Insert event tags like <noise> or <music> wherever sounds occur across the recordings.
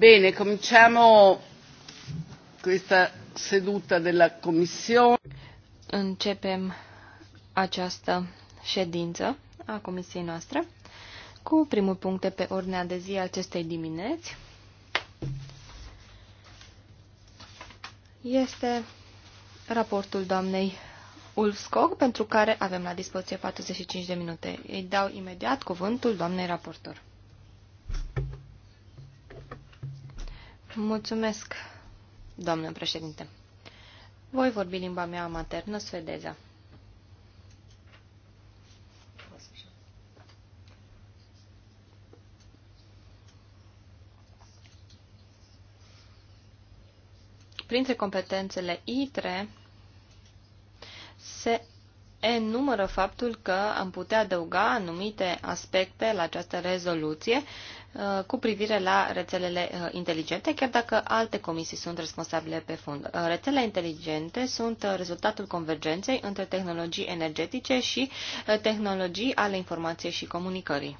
Bine, cominciamo questa seduta della Commissione. Începem această ședință a Comisiei noastre cu primul punct de pe ordinea de zi acestei dimineți. Este raportul doamnei Ulfskog, pentru care avem la dispoziție 45 de minute. Îi dau imediat cuvântul doamnei raportor. Mulțumesc, doamnă președinte. Voi vorbi limba mea maternă, suedeza. Printre competențele ITRE se enumără faptul că am putea adăuga anumite aspecte la această rezoluție Uh, cu privire la rețelele uh, inteligente, chiar dacă alte comisii sunt responsabile pe fond. Uh, rețelele inteligente sunt rezultatul convergenței între tehnologii energetice și tehnologii ale informației și comunicării.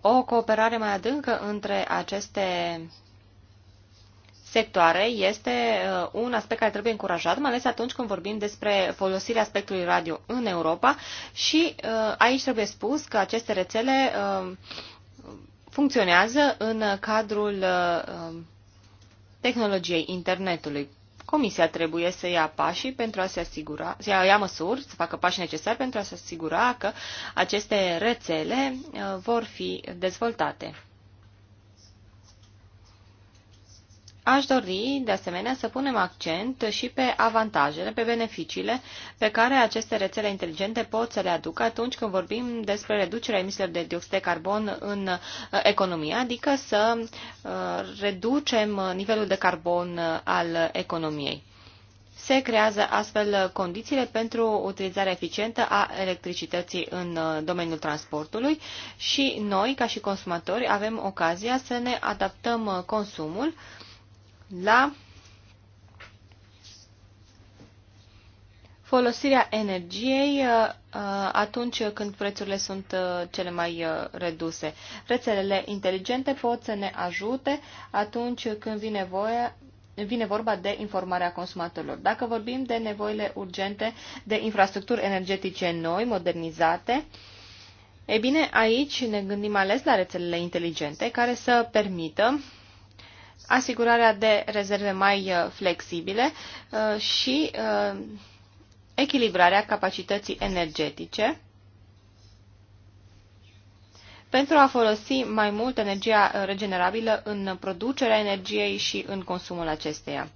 O cooperare mai adâncă între aceste sectoare este uh, un aspect care trebuie încurajat, mai ales atunci când vorbim despre folosirea aspectului radio în Europa și uh, aici trebuie spus că aceste rețele uh, funcționează în cadrul tehnologiei internetului. Comisia trebuie să ia pașii pentru a se asigura, să ia, ia măsuri, să facă pașii necesari pentru a se asigura că aceste rețele vor fi dezvoltate. Aș dori, de asemenea, să punem accent și pe avantajele, pe beneficiile pe care aceste rețele inteligente pot să le aducă atunci când vorbim despre reducerea emisiilor de dioxid de carbon în uh, economie, adică să uh, reducem nivelul de carbon uh, al economiei. Se creează astfel condițiile pentru utilizarea eficientă a electricității în domeniul transportului și noi, ca și consumatori, avem ocazia să ne adaptăm consumul la folosirea energiei uh, uh, atunci când prețurile sunt uh, cele mai reduse. Rețelele inteligente pot să ne ajute atunci când vine voia vine vorba de informarea consumatorilor. Dacă vorbim de nevoile urgente de infrastructuri energetice noi, modernizate, e bine, aici ne gândim ales la rețelele inteligente care să permită asigurarea de rezerve mai uh, flexibile uh, și uh, echilibrarea capacității energetice pentru a folosi mai mult energia regenerabilă în producerea energiei și în consumul acesteia.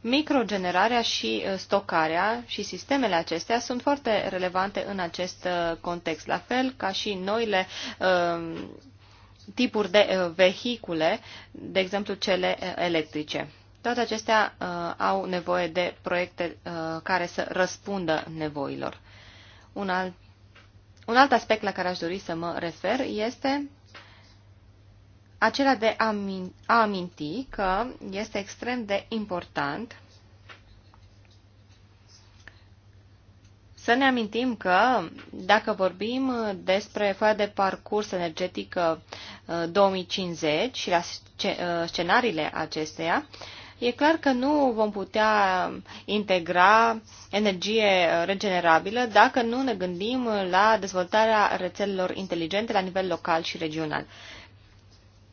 Microgenerarea și stocarea și sistemele acestea sunt foarte relevante în acest context, la fel ca și noile uh, tipuri de uh, vehicule, de exemplu cele uh, electrice. Toate acestea uh, au nevoie de proiecte uh, care să răspundă nevoilor. Un alt, un alt aspect la care aș dori să mă refer este acela de a aminti că este extrem de important Să ne amintim că dacă vorbim despre foaia de parcurs energetică 2050 uh, și la uh, scenariile acesteia, e clar că nu vom putea integra energie uh, regenerabilă dacă nu ne gândim la dezvoltarea rețelelor inteligente la nivel local și regional.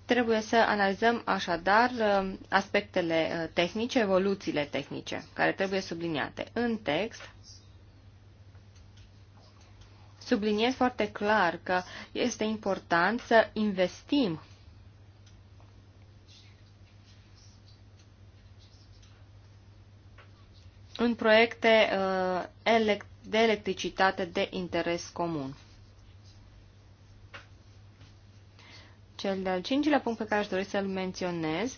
Trebuie să analizăm așadar aspectele tehnice, evoluțiile tehnice, care trebuie subliniate în text subliniez foarte clar că este important să investim în proiecte uh, de electricitate de interes comun. Cel de-al cincilea punct pe care aș dori să-l menționez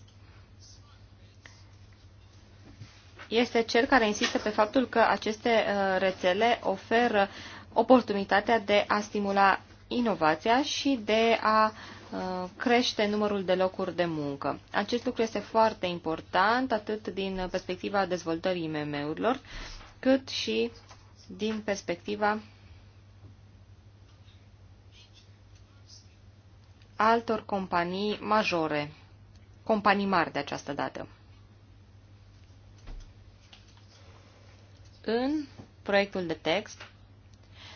este cel care insistă pe faptul că aceste uh, rețele oferă oportunitatea de a stimula inovația și de a uh, crește numărul de locuri de muncă. Acest lucru este foarte important atât din perspectiva dezvoltării IMM-urilor, cât și din perspectiva altor companii majore, companii mari de această dată. În proiectul de text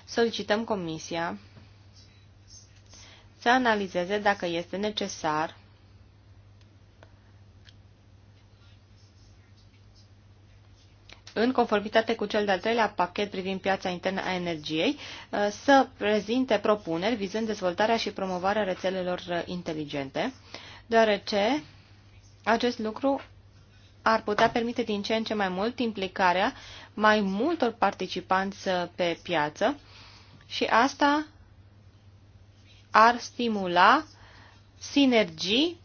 solicităm Comisia să analizeze dacă este necesar în conformitate cu cel de-al treilea pachet privind piața internă a energiei, uh, să prezinte propuneri vizând dezvoltarea și promovarea rețelelor uh, inteligente, deoarece acest lucru ar putea permite din ce în ce mai mult implicarea mai multor participanți uh, pe piață, și asta ar stimula sinergii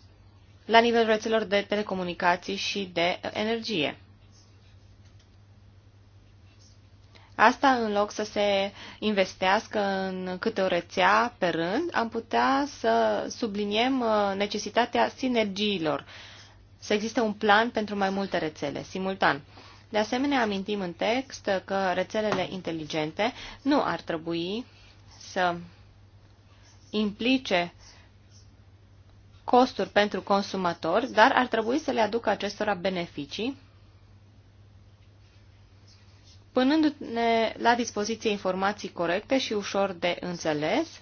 la nivelul rețelor de telecomunicații și de energie. Asta, în loc să se investească în câte o rețea pe rând, am putea să subliniem uh, necesitatea sinergiilor, să existe un plan pentru mai multe rețele, simultan. De asemenea, amintim în text că rețelele inteligente nu ar trebui să implice costuri pentru consumatori, dar ar trebui să le aducă acestora beneficii, punându-ne la dispoziție informații corecte și ușor de înțeles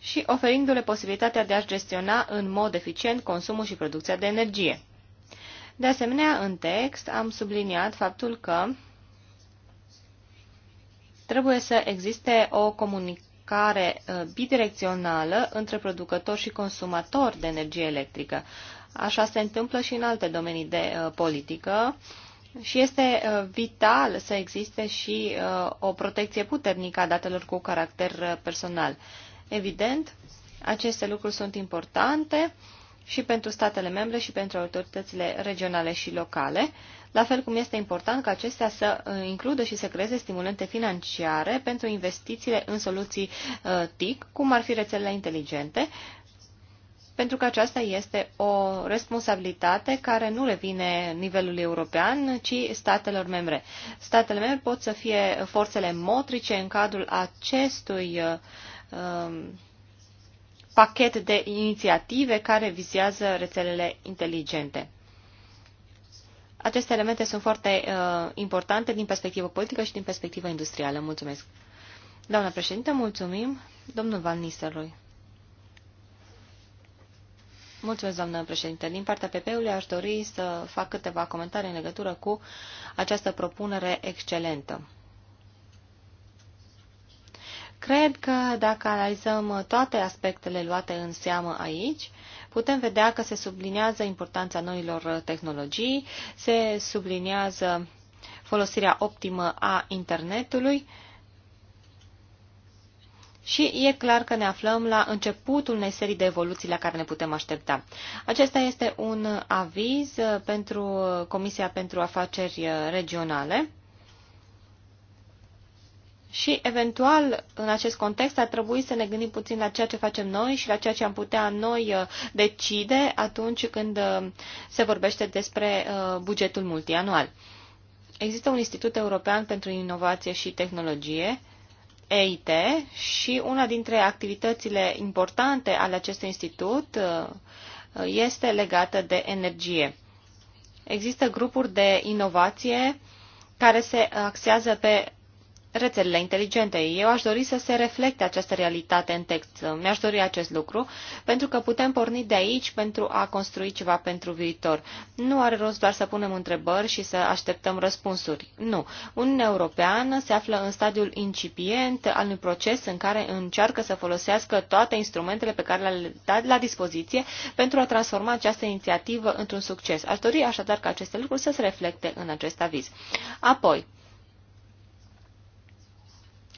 și oferindu-le posibilitatea de a gestiona în mod eficient consumul și producția de energie. De asemenea, în text am subliniat faptul că trebuie să existe o comunicare uh, bidirecțională între producător și consumator de energie electrică. Așa se întâmplă și în alte domenii de uh, politică și este uh, vital să existe și uh, o protecție puternică a datelor cu caracter uh, personal. Evident, aceste lucruri sunt importante și pentru statele membre și pentru autoritățile regionale și locale, la fel cum este important ca acestea să uh, includă și să creeze stimulente financiare pentru investițiile în soluții uh, TIC, cum ar fi rețelele inteligente, pentru că aceasta este o responsabilitate care nu revine nivelului european, ci statelor membre. Statele membre pot să fie forțele motrice în cadrul acestui uh, um, pachet de inițiative care vizează rețelele inteligente. Aceste elemente sunt foarte uh, importante din perspectivă politică și din perspectivă industrială. Mulțumesc. Doamna președinte, mulțumim. Domnul Van Nistelrooy. Mulțumesc, doamnă președinte. Din partea PP-ului aș dori să fac câteva comentarii în legătură cu această propunere excelentă. Cred că dacă analizăm toate aspectele luate în seamă aici, putem vedea că se subliniază importanța noilor tehnologii, se subliniază folosirea optimă a internetului și e clar că ne aflăm la începutul unei serii de evoluții la care ne putem aștepta. Acesta este un aviz pentru Comisia pentru Afaceri Regionale și, eventual, în acest context, ar trebui să ne gândim puțin la ceea ce facem noi și la ceea ce am putea noi uh, decide atunci când uh, se vorbește despre uh, bugetul multianual. Există un Institut European pentru Inovație și Tehnologie, EIT, și una dintre activitățile importante ale acestui institut este legată de energie. Există grupuri de inovație care se axează pe rețelele inteligente. Eu aș dori să se reflecte această realitate în text. Mi-aș dori acest lucru, pentru că putem porni de aici pentru a construi ceva pentru viitor. Nu are rost doar să punem întrebări și să așteptăm răspunsuri. Nu. Uniunea Europeană se află în stadiul incipient al unui proces în care încearcă să folosească toate instrumentele pe care le-a dat la dispoziție pentru a transforma această inițiativă într-un succes. Aș dori așadar ca aceste lucruri să se reflecte în acest aviz. Apoi,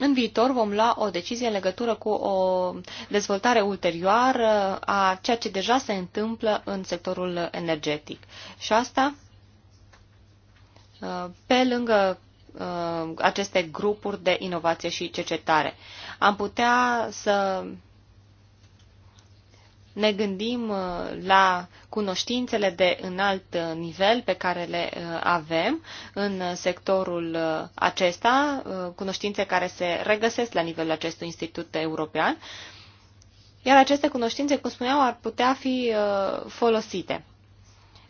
în viitor vom lua o decizie în legătură cu o dezvoltare ulterioară a ceea ce deja se întâmplă în sectorul energetic. Și asta uh, pe lângă uh, aceste grupuri de inovație și cercetare. Am putea să ne gândim uh, la cunoștințele de înalt uh, nivel pe care le uh, avem în sectorul acesta, cunoștințe care se regăsesc la nivelul acestui institut european, iar aceste cunoștințe, cum spuneau, ar putea fi folosite.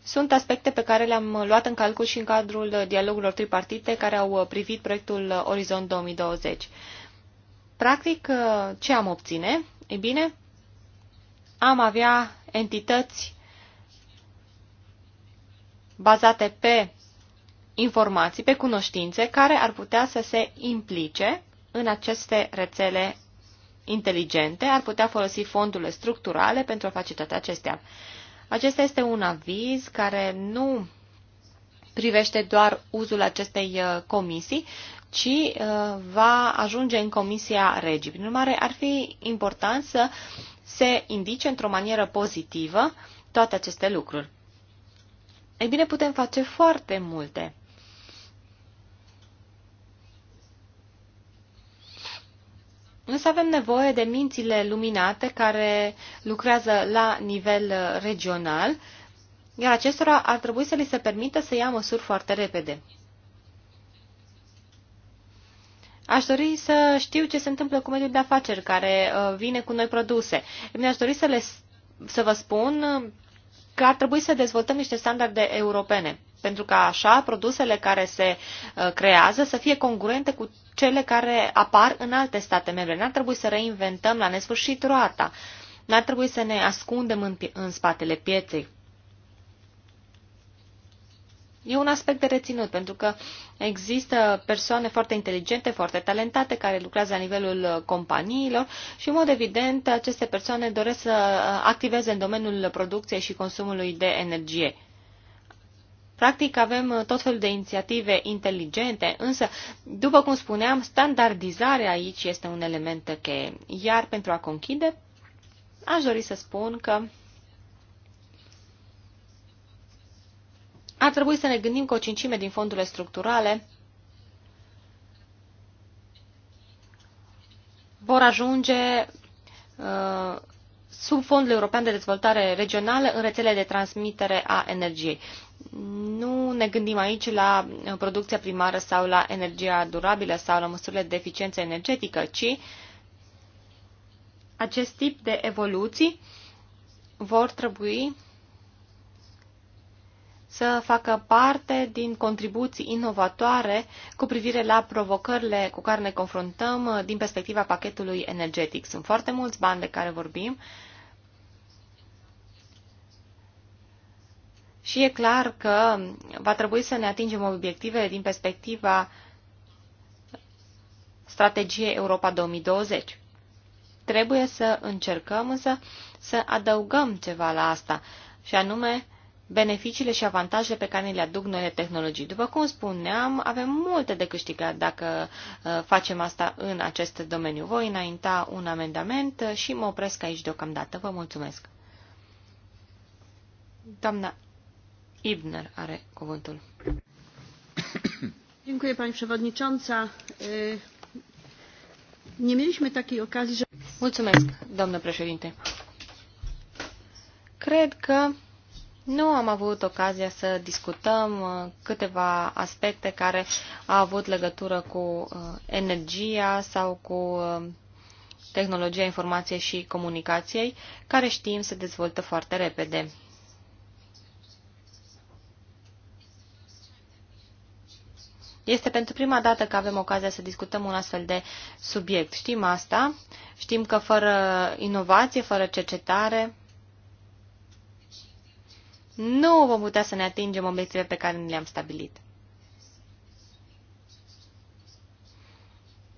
Sunt aspecte pe care le-am luat în calcul și în cadrul dialogurilor tripartite care au privit proiectul Orizont 2020. Practic, ce am obține? Ei bine, am avea entități bazate pe informații, pe cunoștințe, care ar putea să se implice în aceste rețele inteligente, ar putea folosi fondurile structurale pentru a face toate acestea. Acesta este un aviz care nu privește doar uzul acestei uh, comisii, ci uh, va ajunge în Comisia Regii. Prin urmare, ar fi important să se indice într-o manieră pozitivă toate aceste lucruri. Ei bine, putem face foarte multe. Însă avem nevoie de mințile luminate care lucrează la nivel regional, iar acestora ar trebui să li se permită să ia măsuri foarte repede. Aș dori să știu ce se întâmplă cu mediul de afaceri care uh, vine cu noi produse. Mi aș dori să, le, să vă spun uh, că ar trebui să dezvoltăm niște standarde europene, pentru că așa produsele care se uh, creează să fie congruente cu cele care apar în alte state membre. N-ar trebui să reinventăm la nesfârșit roata. N-ar trebui să ne ascundem în, în spatele pieței. E un aspect de reținut, pentru că există persoane foarte inteligente, foarte talentate, care lucrează la nivelul uh, companiilor și, în mod evident, aceste persoane doresc să uh, activeze în domeniul producției și consumului de energie. Practic avem uh, tot felul de inițiative inteligente, însă, după cum spuneam, standardizarea aici este un element cheie. Iar pentru a conchide, aș dori să spun că ar trebui să ne gândim că o cincime din fondurile structurale vor ajunge uh, sub Fondul European de Dezvoltare Regională în rețele de transmitere a energiei. Nu ne gândim aici la producția primară sau la energia durabilă sau la măsurile de eficiență energetică, ci acest tip de evoluții vor trebui să facă parte din contribuții inovatoare cu privire la provocările cu care ne confruntăm uh, din perspectiva pachetului energetic. Sunt foarte mulți bani de care vorbim și e clar că va trebui să ne atingem obiectivele din perspectiva strategiei Europa 2020. Trebuie să încercăm însă să adăugăm ceva la asta, și anume beneficiile și avantajele pe care ne le aduc noile tehnologii. După cum spuneam, avem multe de câștigat dacă uh, facem asta în acest domeniu. Voi înainta un amendament uh, și mă opresc aici deocamdată. Vă mulțumesc. Doamna Ibner are cuvântul. Dziękuję Pani Przewodnicząca. Nie mieliśmy takiej okazji, że... Mulțumesc, doamnă președinte. Cred că nu am avut ocazia să discutăm uh, câteva aspecte care au avut legătură cu uh, energia sau cu uh, tehnologia informației și comunicației, care știm se dezvoltă foarte repede. Este pentru prima dată că avem ocazia să discutăm un astfel de subiect. Știm asta, știm că fără inovație, fără cercetare, nu vom putea să ne atingem obiectivele pe care ne le-am stabilit.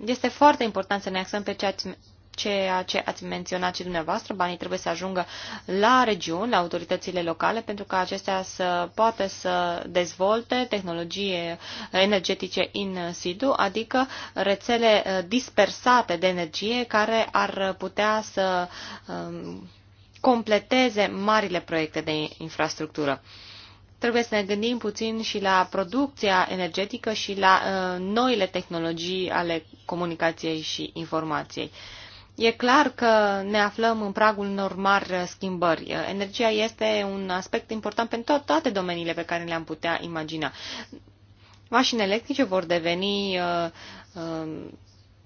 Este foarte important să ne axăm pe ceea ce ceea ce ați menționat și dumneavoastră, banii trebuie să ajungă la regiuni, la autoritățile locale, pentru ca acestea să poată să dezvolte tehnologie energetice in situ, adică rețele uh, dispersate de energie care ar putea să um, completeze marile proiecte de infrastructură. Trebuie să ne gândim puțin și la producția energetică și la uh, noile tehnologii ale comunicației și informației. E clar că ne aflăm în pragul unor mari schimbări. Uh, energia este un aspect important pentru toate domeniile pe care le-am putea imagina. Mașini electrice vor deveni uh, uh,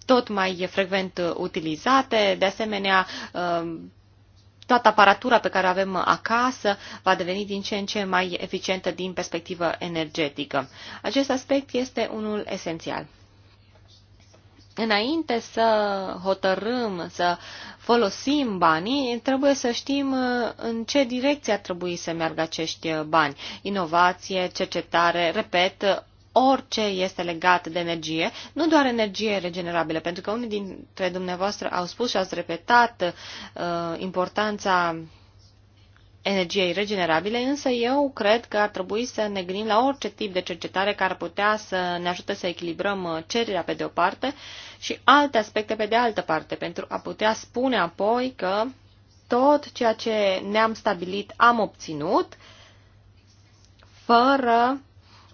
tot mai frecvent utilizate, de asemenea uh, toată aparatura pe care o avem acasă va deveni din ce în ce mai eficientă din perspectivă energetică. Acest aspect este unul esențial. Înainte să hotărâm, să folosim banii, trebuie să știm uh, în ce direcție ar trebui să meargă acești bani. Inovație, cercetare, repet, orice este legat de energie, nu doar energie regenerabilă, pentru că unii dintre dumneavoastră au spus și ați repetat uh, importanța energiei regenerabile, însă eu cred că ar trebui să ne gândim la orice tip de cercetare care ar putea să ne ajute să echilibrăm uh, cererea pe de o parte și alte aspecte pe de altă parte, pentru a putea spune apoi că tot ceea ce ne-am stabilit am obținut fără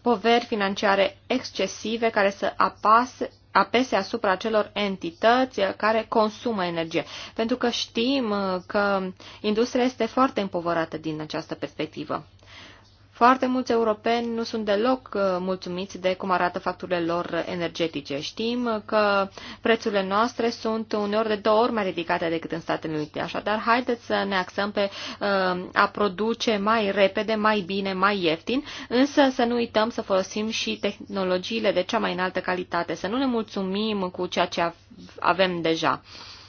poveri financiare excesive care să apase, apese asupra celor entități care consumă energie. Pentru că știm că industria este foarte împovărată din această perspectivă. Foarte mulți europeni nu sunt deloc uh, mulțumiți de cum arată facturile lor energetice. Știm că prețurile noastre sunt uneori de două ori mai ridicate decât în Statele Unite. Așadar, haideți să ne axăm pe uh, a produce mai repede, mai bine, mai ieftin, însă să nu uităm să folosim și tehnologiile de cea mai înaltă calitate, să nu ne mulțumim cu ceea ce avem deja.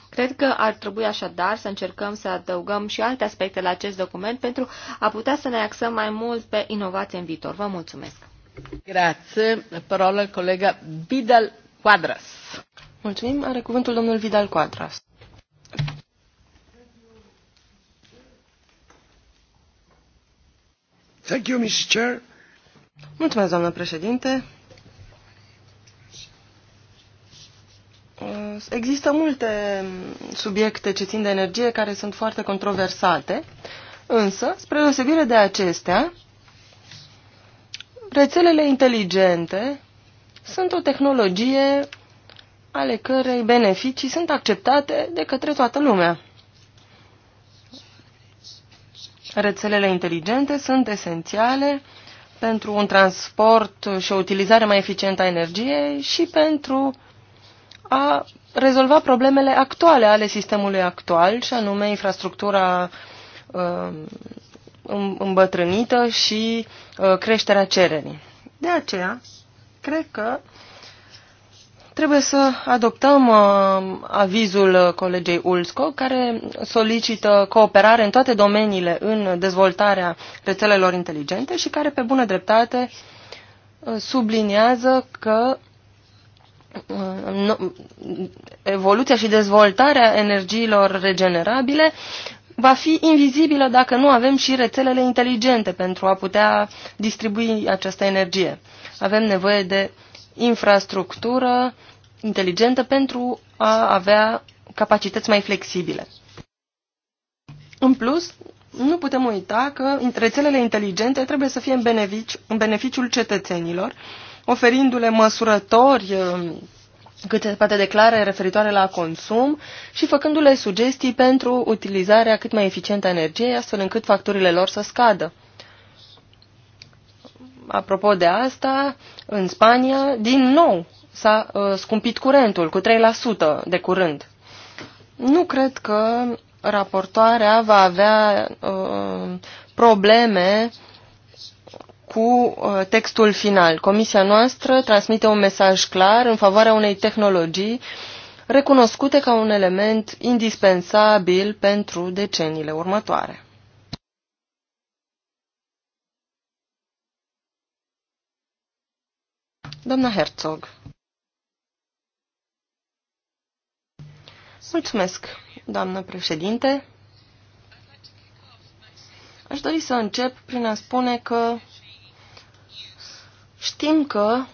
Cred că ar trebui așadar să încercăm să adăugăm și alte aspecte la acest document pentru a putea să ne axăm mai mult pe inovație în viitor. Vă mulțumesc! Grație! Parola colega Vidal Quadras. Mulțumim. Are cuvântul domnul Vidal Quadras. Thank you, Mr. Chair. Mulțumesc, doamnă președinte. Uh, există multe um, subiecte ce țin de energie care sunt foarte controversate, însă, spre deosebire de acestea, rețelele inteligente sunt o tehnologie ale cărei beneficii sunt acceptate de către toată lumea. Rețelele inteligente sunt esențiale pentru un transport și o utilizare mai eficientă a energiei și pentru uh, a rezolva problemele actuale ale sistemului actual, și anume infrastructura um, îmbătrânită și uh, creșterea cererii. De aceea, cred că trebuie să adoptăm uh, avizul colegei Ulsco, care solicită cooperare în toate domeniile în dezvoltarea rețelelor inteligente și care, pe bună dreptate, uh, subliniază că evoluția și dezvoltarea energiilor regenerabile va fi invizibilă dacă nu avem și rețelele inteligente pentru a putea distribui această energie. Avem nevoie de infrastructură inteligentă pentru a avea capacități mai flexibile. În plus, nu putem uita că rețelele inteligente trebuie să fie în, benefici, în beneficiul cetățenilor oferindu-le măsurători uh, cât se poate declare referitoare la consum și făcându-le sugestii pentru utilizarea cât mai eficientă a energiei, astfel încât facturile lor să scadă. Apropo de asta, în Spania, din nou, s-a uh, scumpit curentul cu 3% de curând. Nu cred că raportoarea va avea uh, probleme cu uh, textul final. Comisia noastră transmite un mesaj clar în favoarea unei tehnologii recunoscute ca un element indispensabil pentru deceniile următoare. Doamna Herzog. Mulțumesc, doamnă președinte. Aș dori să încep prin a spune că Știm că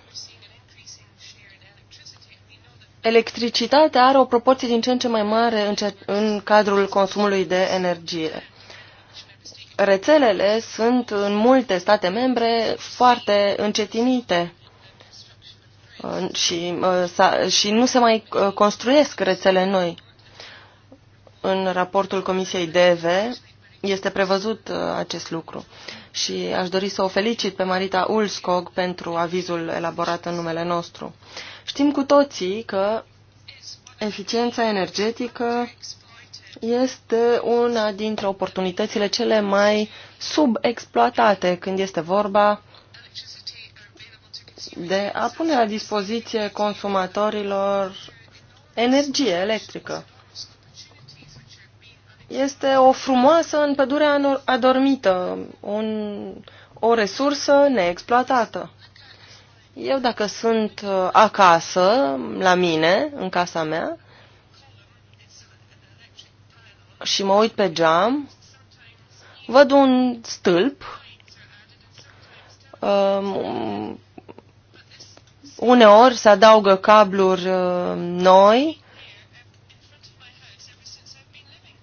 electricitatea are o proporție din ce în ce mai mare în, ce, în cadrul consumului de energie. Rețelele sunt în multe state membre foarte încetinite uh, și, uh, și nu se mai uh, construiesc rețele noi. În raportul Comisiei DV este prevăzut acest lucru și aș dori să o felicit pe Marita Ulskog pentru avizul elaborat în numele nostru. Știm cu toții că eficiența energetică este una dintre oportunitățile cele mai subexploatate când este vorba de a pune la dispoziție consumatorilor energie electrică este o frumoasă în pădurea adormită, un, o resursă neexploatată. Eu dacă sunt uh, acasă, la mine, în casa mea, și mă uit pe geam, văd un stâlp, um, uneori se adaugă cabluri uh, noi,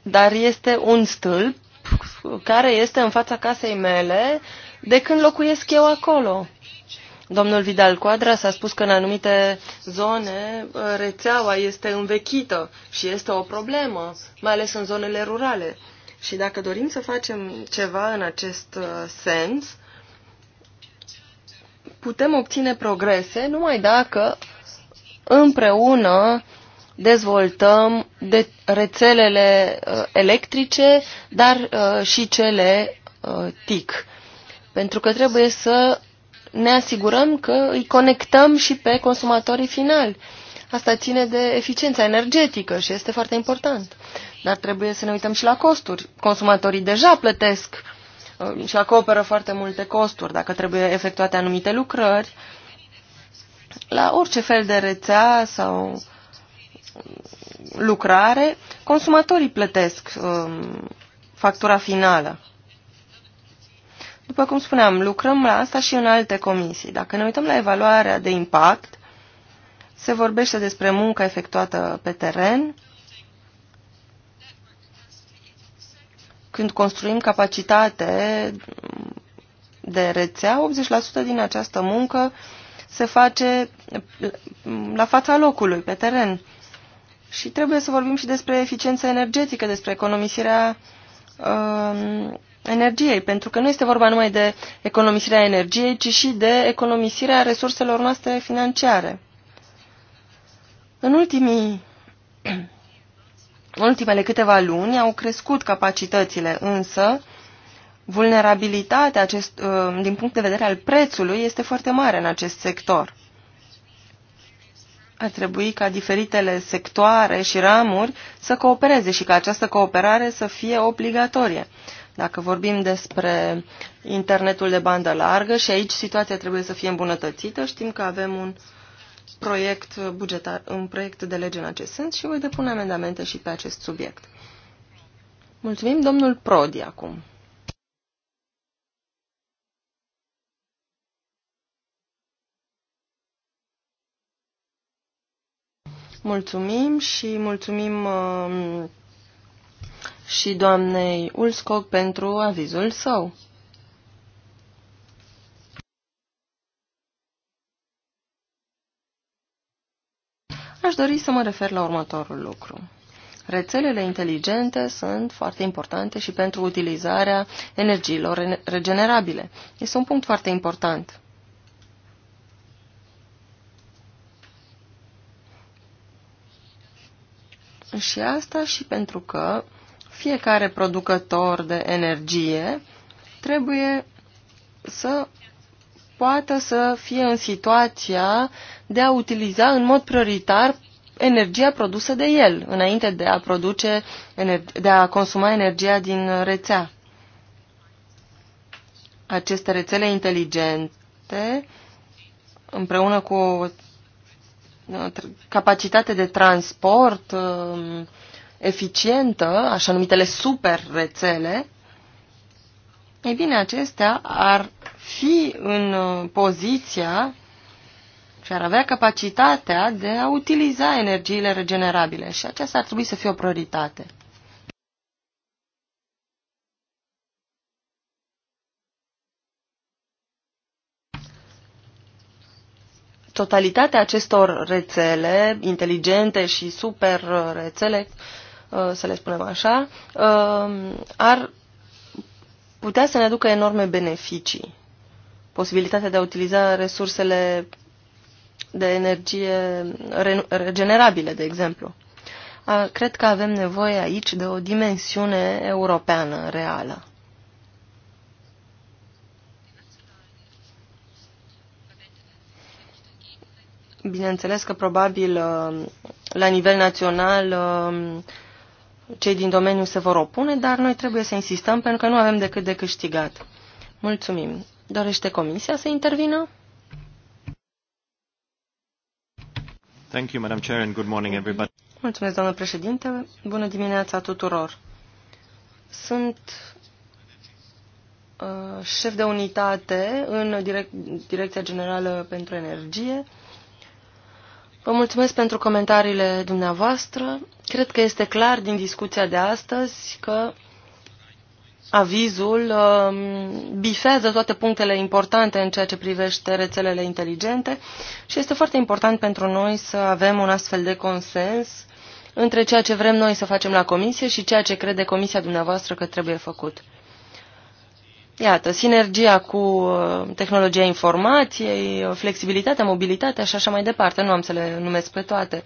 dar este un stâlp care este în fața casei mele de când locuiesc eu acolo. Domnul Vidal Coadra s-a spus că în anumite zone uh, rețeaua este învechită și este o problemă, mai ales în zonele rurale. Și dacă dorim să facem ceva în acest uh, sens, putem obține progrese numai dacă împreună dezvoltăm de rețelele uh, electrice, dar uh, și cele uh, TIC. Pentru că trebuie să ne asigurăm că îi conectăm și pe consumatorii finali. Asta ține de eficiența energetică și este foarte important. Dar trebuie să ne uităm și la costuri. Consumatorii deja plătesc și acoperă foarte multe costuri dacă trebuie efectuate anumite lucrări. La orice fel de rețea sau lucrare, consumatorii plătesc um, factura finală. După cum spuneam, lucrăm la asta și în alte comisii. Dacă ne uităm la evaluarea de impact, se vorbește despre munca efectuată pe teren, când construim capacitate de rețea, 80% din această muncă se face la fața locului, pe teren. Și trebuie să vorbim și despre eficiența energetică, despre economisirea uh, energiei, pentru că nu este vorba numai de economisirea energiei, ci și de economisirea resurselor noastre financiare. În ultimii în <clears throat> ultimele câteva luni au crescut capacitățile, însă vulnerabilitatea acest, um, din punct de vedere al prețului este foarte mare în acest sector ar trebui ca diferitele sectoare și ramuri să coopereze și ca această cooperare să fie obligatorie. Dacă vorbim despre internetul de bandă largă și aici situația trebuie să fie îmbunătățită, știm că avem un proiect bugetar, un proiect de lege în acest sens și voi depune amendamente și pe acest subiect. Mulțumim, domnul Prodi, acum. Mulțumim și mulțumim um, și doamnei Ulscog pentru avizul său. Aș dori să mă refer la următorul lucru. Rețelele inteligente sunt foarte importante și pentru utilizarea energiilor regenerabile. Este un punct foarte important. Și asta și pentru că fiecare producător de energie trebuie să poată să fie în situația de a utiliza în mod prioritar energia produsă de el, înainte de a produce, de a consuma energia din rețea. Aceste rețele inteligente, împreună cu capacitate de transport um, eficientă, așa numitele super rețele, ei bine, acestea ar fi în uh, poziția și ar avea capacitatea de a utiliza energiile regenerabile și aceasta ar trebui să fie o prioritate. totalitatea acestor rețele inteligente și super uh, rețele, uh, să le spunem așa, uh, ar putea să ne aducă enorme beneficii. Posibilitatea de a utiliza resursele de energie regenerabile, de exemplu. Cred că avem nevoie aici de o dimensiune europeană reală. Bineînțeles că probabil uh, la nivel național uh, cei din domeniu se vor opune, dar noi trebuie să insistăm pentru că nu avem decât de câștigat. Mulțumim. Dorește Comisia să intervină? Thank you, Madam Chair, and good morning, everybody. Mulțumesc, doamnă președinte. Bună dimineața tuturor. Sunt uh, șef de unitate în direc Direcția Generală pentru Energie Vă mulțumesc pentru comentariile dumneavoastră. Cred că este clar din discuția de astăzi că avizul um, bifează toate punctele importante în ceea ce privește rețelele inteligente și este foarte important pentru noi să avem un astfel de consens între ceea ce vrem noi să facem la comisie și ceea ce crede comisia dumneavoastră că trebuie făcut. Iată, sinergia cu uh, tehnologia informației, uh, flexibilitatea, mobilitatea și așa mai departe, nu am să le numesc pe toate.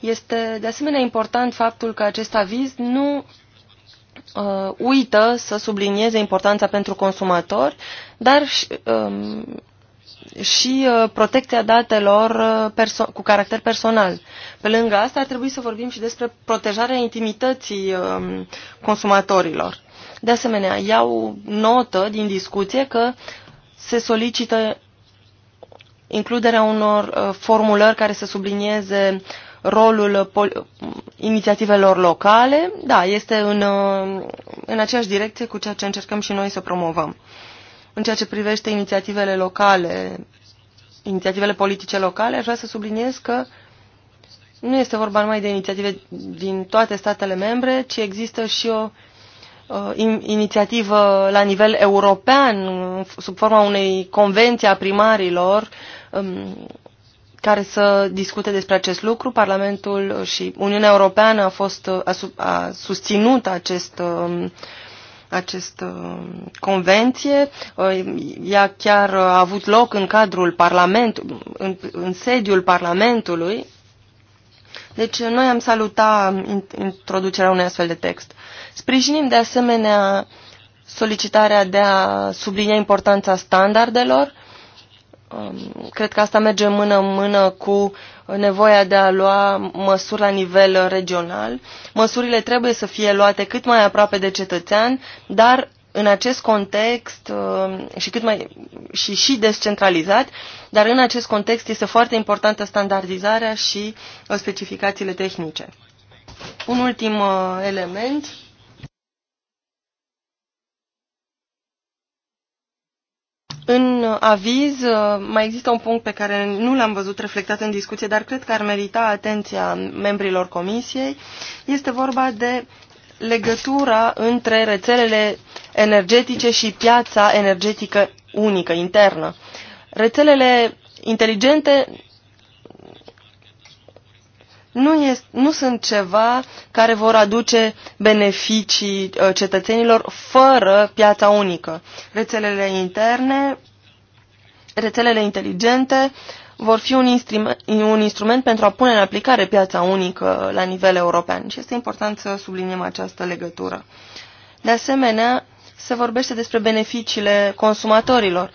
Este de asemenea important faptul că acest aviz nu uh, uită să sublinieze importanța pentru consumatori, dar uh, și uh, protecția datelor uh, perso- cu caracter personal. Pe lângă asta ar trebui să vorbim și despre protejarea intimității uh, consumatorilor. De asemenea, iau notă din discuție că se solicită includerea unor uh, formulări care să sublinieze rolul inițiativelor locale. Da, este în, uh, în aceeași direcție cu ceea ce încercăm și noi să promovăm. În ceea ce privește inițiativele locale, inițiativele politice locale, aș vrea să subliniez că nu este vorba numai de inițiative din toate statele membre, ci există și o Uh, inițiativă la nivel european, sub forma unei convenții a primarilor, um, care să discute despre acest lucru. Parlamentul și Uniunea Europeană a, fost, uh, a, a susținut acest, um, acest um, convenție. Uh, ea chiar a avut loc în cadrul Parlamentului, în, în sediul Parlamentului. Deci noi am salutat introducerea unui astfel de text. Sprijinim de asemenea solicitarea de a sublinia importanța standardelor. Um, cred că asta merge mână-mână cu nevoia de a lua măsuri la nivel regional. Măsurile trebuie să fie luate cât mai aproape de cetățean, dar în acest context um, și cât mai și, și descentralizat, dar în acest context este foarte importantă standardizarea și specificațiile tehnice. Un ultim uh, element În aviz uh, mai există un punct pe care nu l-am văzut reflectat în discuție, dar cred că ar merita atenția membrilor comisiei. Este vorba de legătura între rețelele energetice și piața energetică unică, internă. Rețelele inteligente nu, este, nu sunt ceva care vor aduce beneficii uh, cetățenilor fără piața unică. Rețelele interne, rețelele inteligente vor fi un instrument, un instrument pentru a pune în aplicare piața unică la nivel european și este important să subliniem această legătură. De asemenea, se vorbește despre beneficiile consumatorilor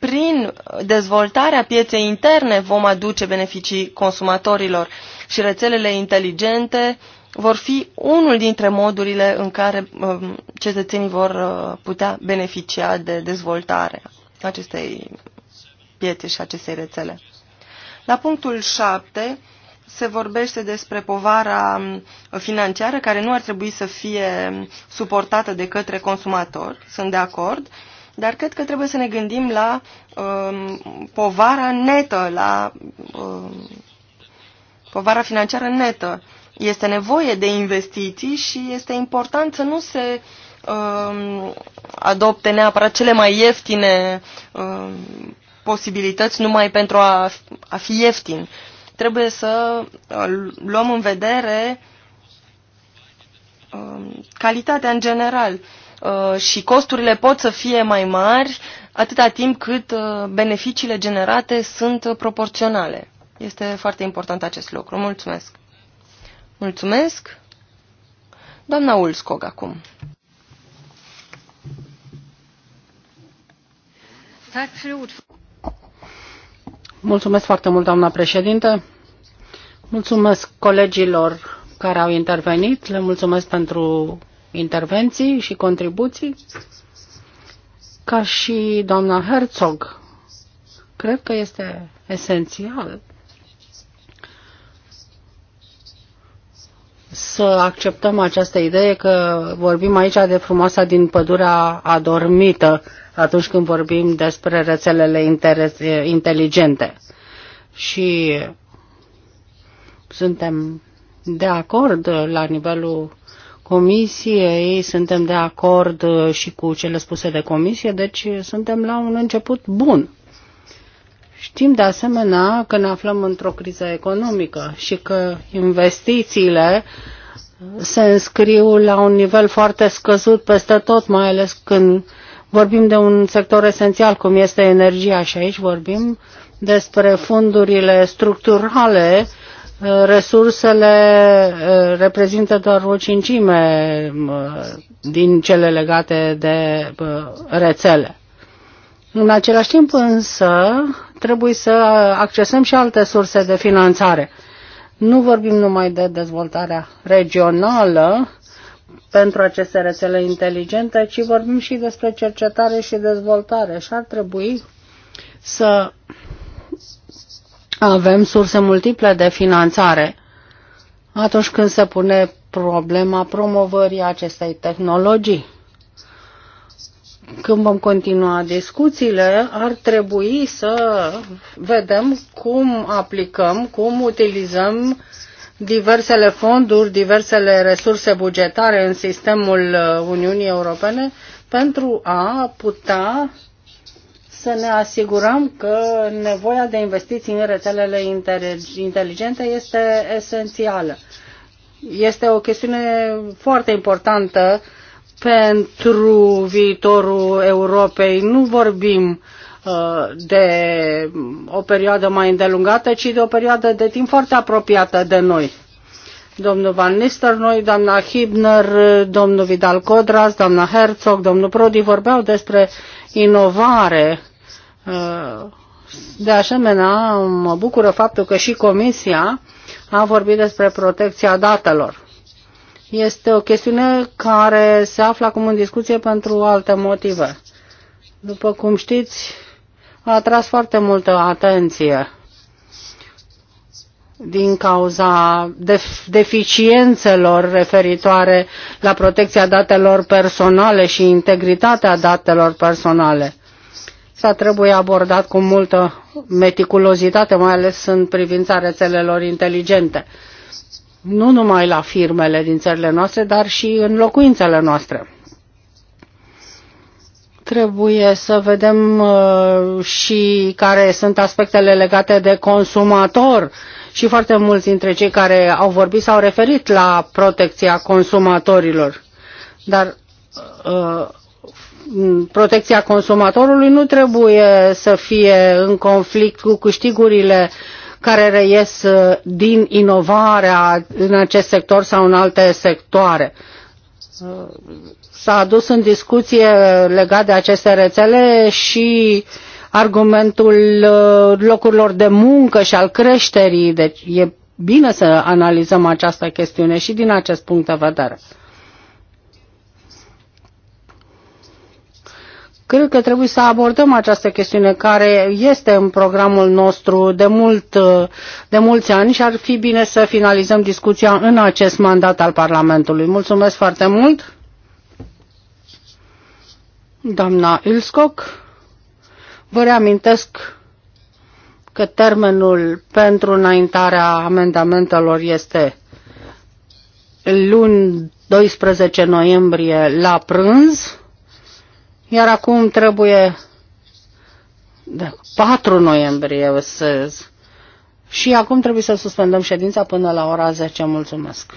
prin dezvoltarea pieței interne vom aduce beneficii consumatorilor și rețelele inteligente vor fi unul dintre modurile în care um, cetățenii vor uh, putea beneficia de dezvoltare acestei piețe și acestei rețele. La punctul 7 se vorbește despre povara um, financiară care nu ar trebui să fie suportată de către consumator. Sunt de acord dar cred că trebuie să ne gândim la um, povara netă, la um, povara financiară netă. Este nevoie de investiții și este important să nu se um, adopte neapărat cele mai ieftine um, posibilități numai pentru a, a fi ieftin. Trebuie să uh, luăm în vedere um, calitatea în general Uh, și costurile pot să fie mai mari atâta timp cât uh, beneficiile generate sunt uh, proporționale. Este foarte important acest lucru. Mulțumesc! Mulțumesc! Doamna Ulskog acum. Mulțumesc foarte mult, doamna președinte. Mulțumesc colegilor care au intervenit, le mulțumesc pentru intervenții și contribuții. Ca și doamna Herzog, cred că este esențial să acceptăm această idee că vorbim aici de frumoasa din pădurea adormită atunci când vorbim despre rețelele inteligente. Și suntem de acord la nivelul Comisiei, suntem de acord uh, și cu cele spuse de Comisie, deci uh, suntem la un început bun. Știm de asemenea că ne aflăm într-o criză economică și că investițiile se înscriu la un nivel foarte scăzut peste tot, mai ales când vorbim de un sector esențial cum este energia și aici vorbim despre fondurile structurale resursele reprezintă doar o cincime din cele legate de rețele. În același timp însă trebuie să accesăm și alte surse de finanțare. Nu vorbim numai de dezvoltarea regională pentru aceste rețele inteligente, ci vorbim și despre cercetare și dezvoltare și ar trebui să avem surse multiple de finanțare atunci când se pune problema promovării acestei tehnologii. Când vom continua discuțiile, ar trebui să vedem cum aplicăm, cum utilizăm diversele fonduri, diversele resurse bugetare în sistemul Uniunii Europene pentru a putea să ne asigurăm că nevoia de investiții în rețelele inteligente este esențială. Este o chestiune foarte importantă pentru viitorul Europei. Nu vorbim uh, de o perioadă mai îndelungată, ci de o perioadă de timp foarte apropiată de noi. Domnul Van noi, doamna Hibner, domnul Vidal Codras, doamna Herzog, domnul Prodi vorbeau despre inovare Uh, de asemenea, mă bucură faptul că și Comisia a vorbit despre protecția datelor. Este o chestiune care se află acum în discuție pentru alte motive. După cum știți, a atras foarte multă atenție din cauza def- deficiențelor referitoare la protecția datelor personale și integritatea datelor personale sa trebuie abordat cu multă meticulozitate, mai ales în privința rețelelor inteligente. Nu numai la firmele din țările noastre, dar și în locuințele noastre. Trebuie să vedem uh, și care sunt aspectele legate de consumator și foarte mulți dintre cei care au vorbit s-au referit la protecția consumatorilor. Dar uh, protecția consumatorului nu trebuie să fie în conflict cu câștigurile care reies uh, din inovarea în acest sector sau în alte sectoare. Uh, s-a adus în discuție legat de aceste rețele și argumentul uh, locurilor de muncă și al creșterii. Deci e bine să analizăm această chestiune și din acest punct de vedere. Cred că trebuie să abordăm această chestiune care este în programul nostru de, mult, de mulți ani și ar fi bine să finalizăm discuția în acest mandat al Parlamentului. Mulțumesc foarte mult! Doamna Ilscoc, vă reamintesc că termenul pentru înaintarea amendamentelor este luni 12 noiembrie la prânz iar acum trebuie de 4 noiembrie să și acum trebuie să suspendăm ședința până la ora 10. Mulțumesc!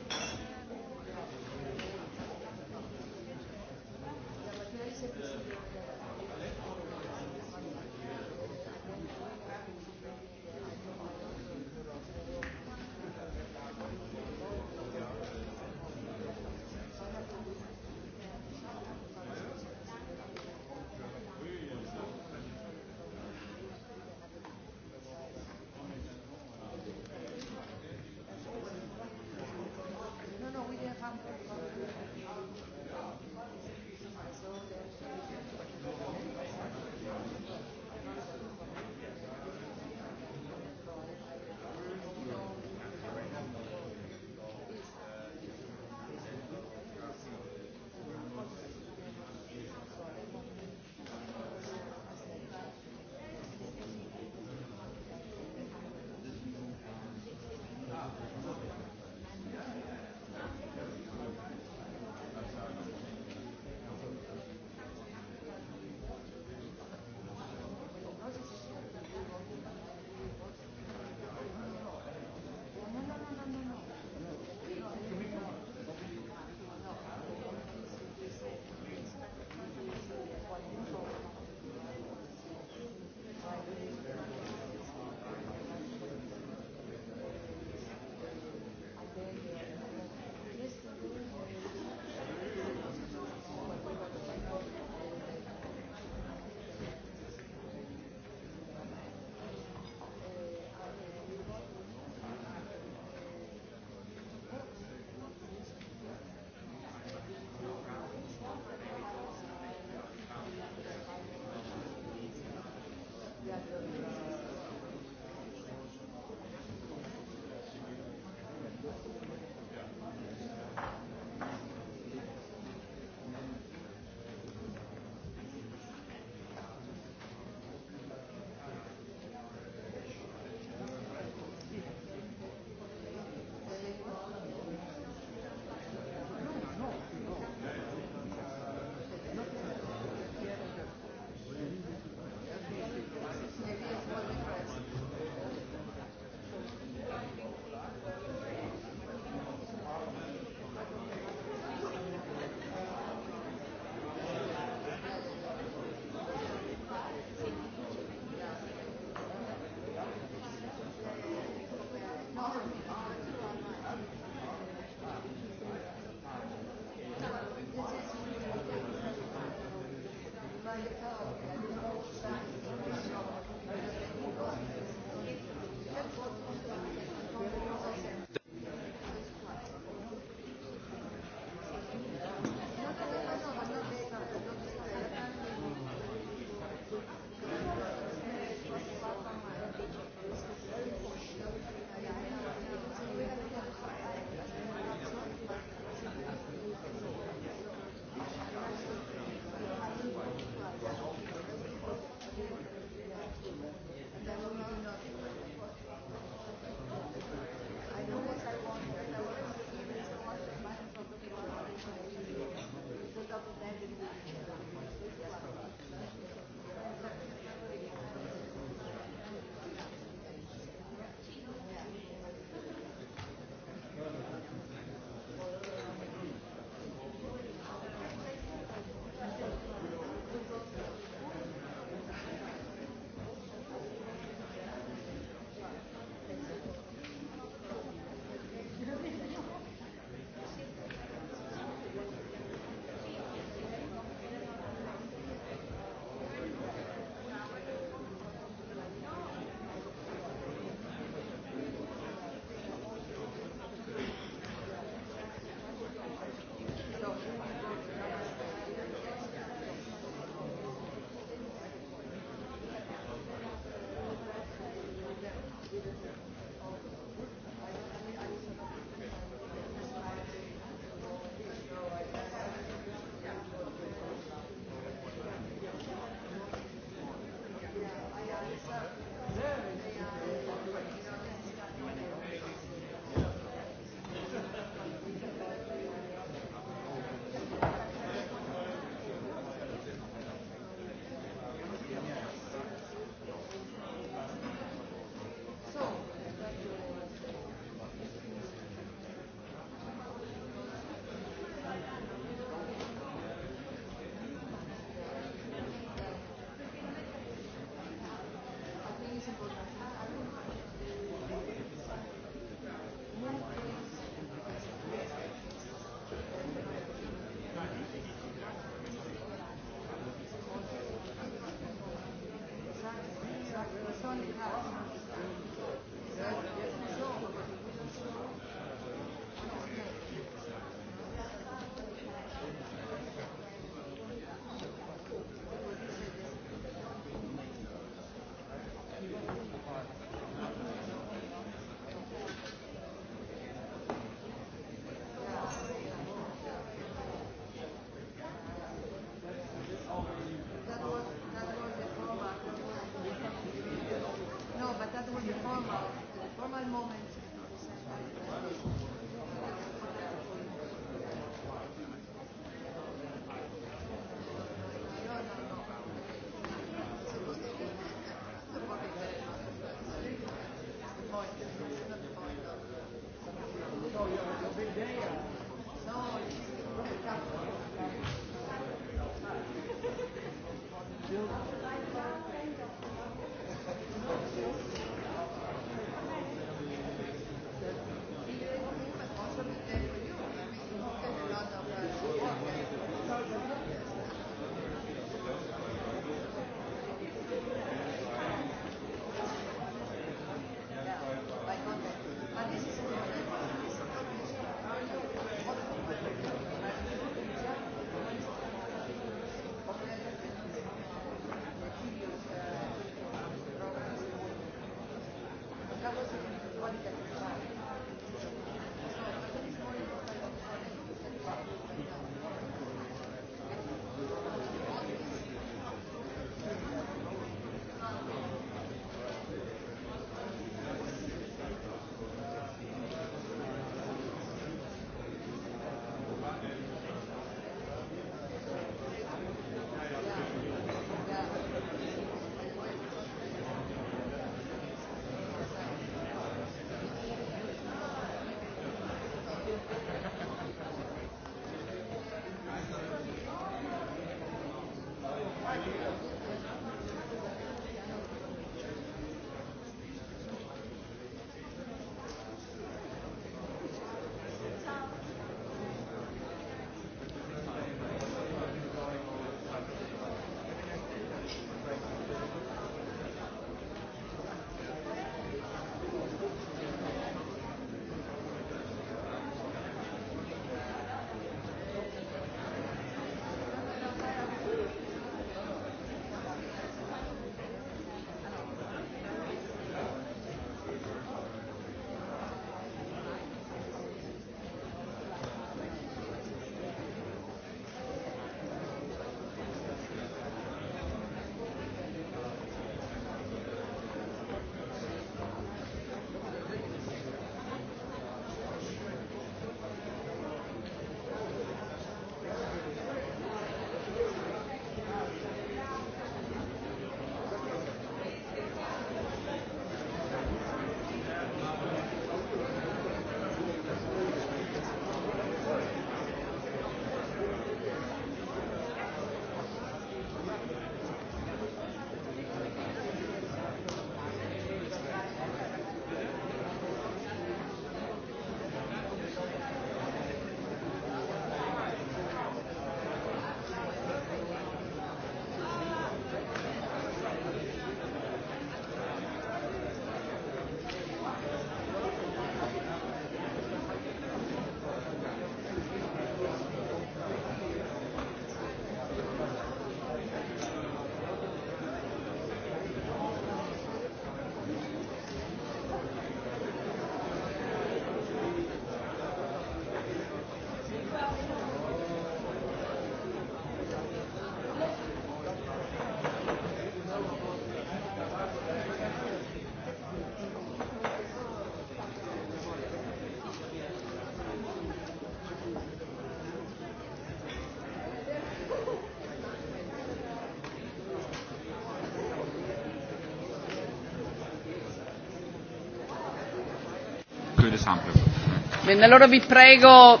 Bine, allora vi prego.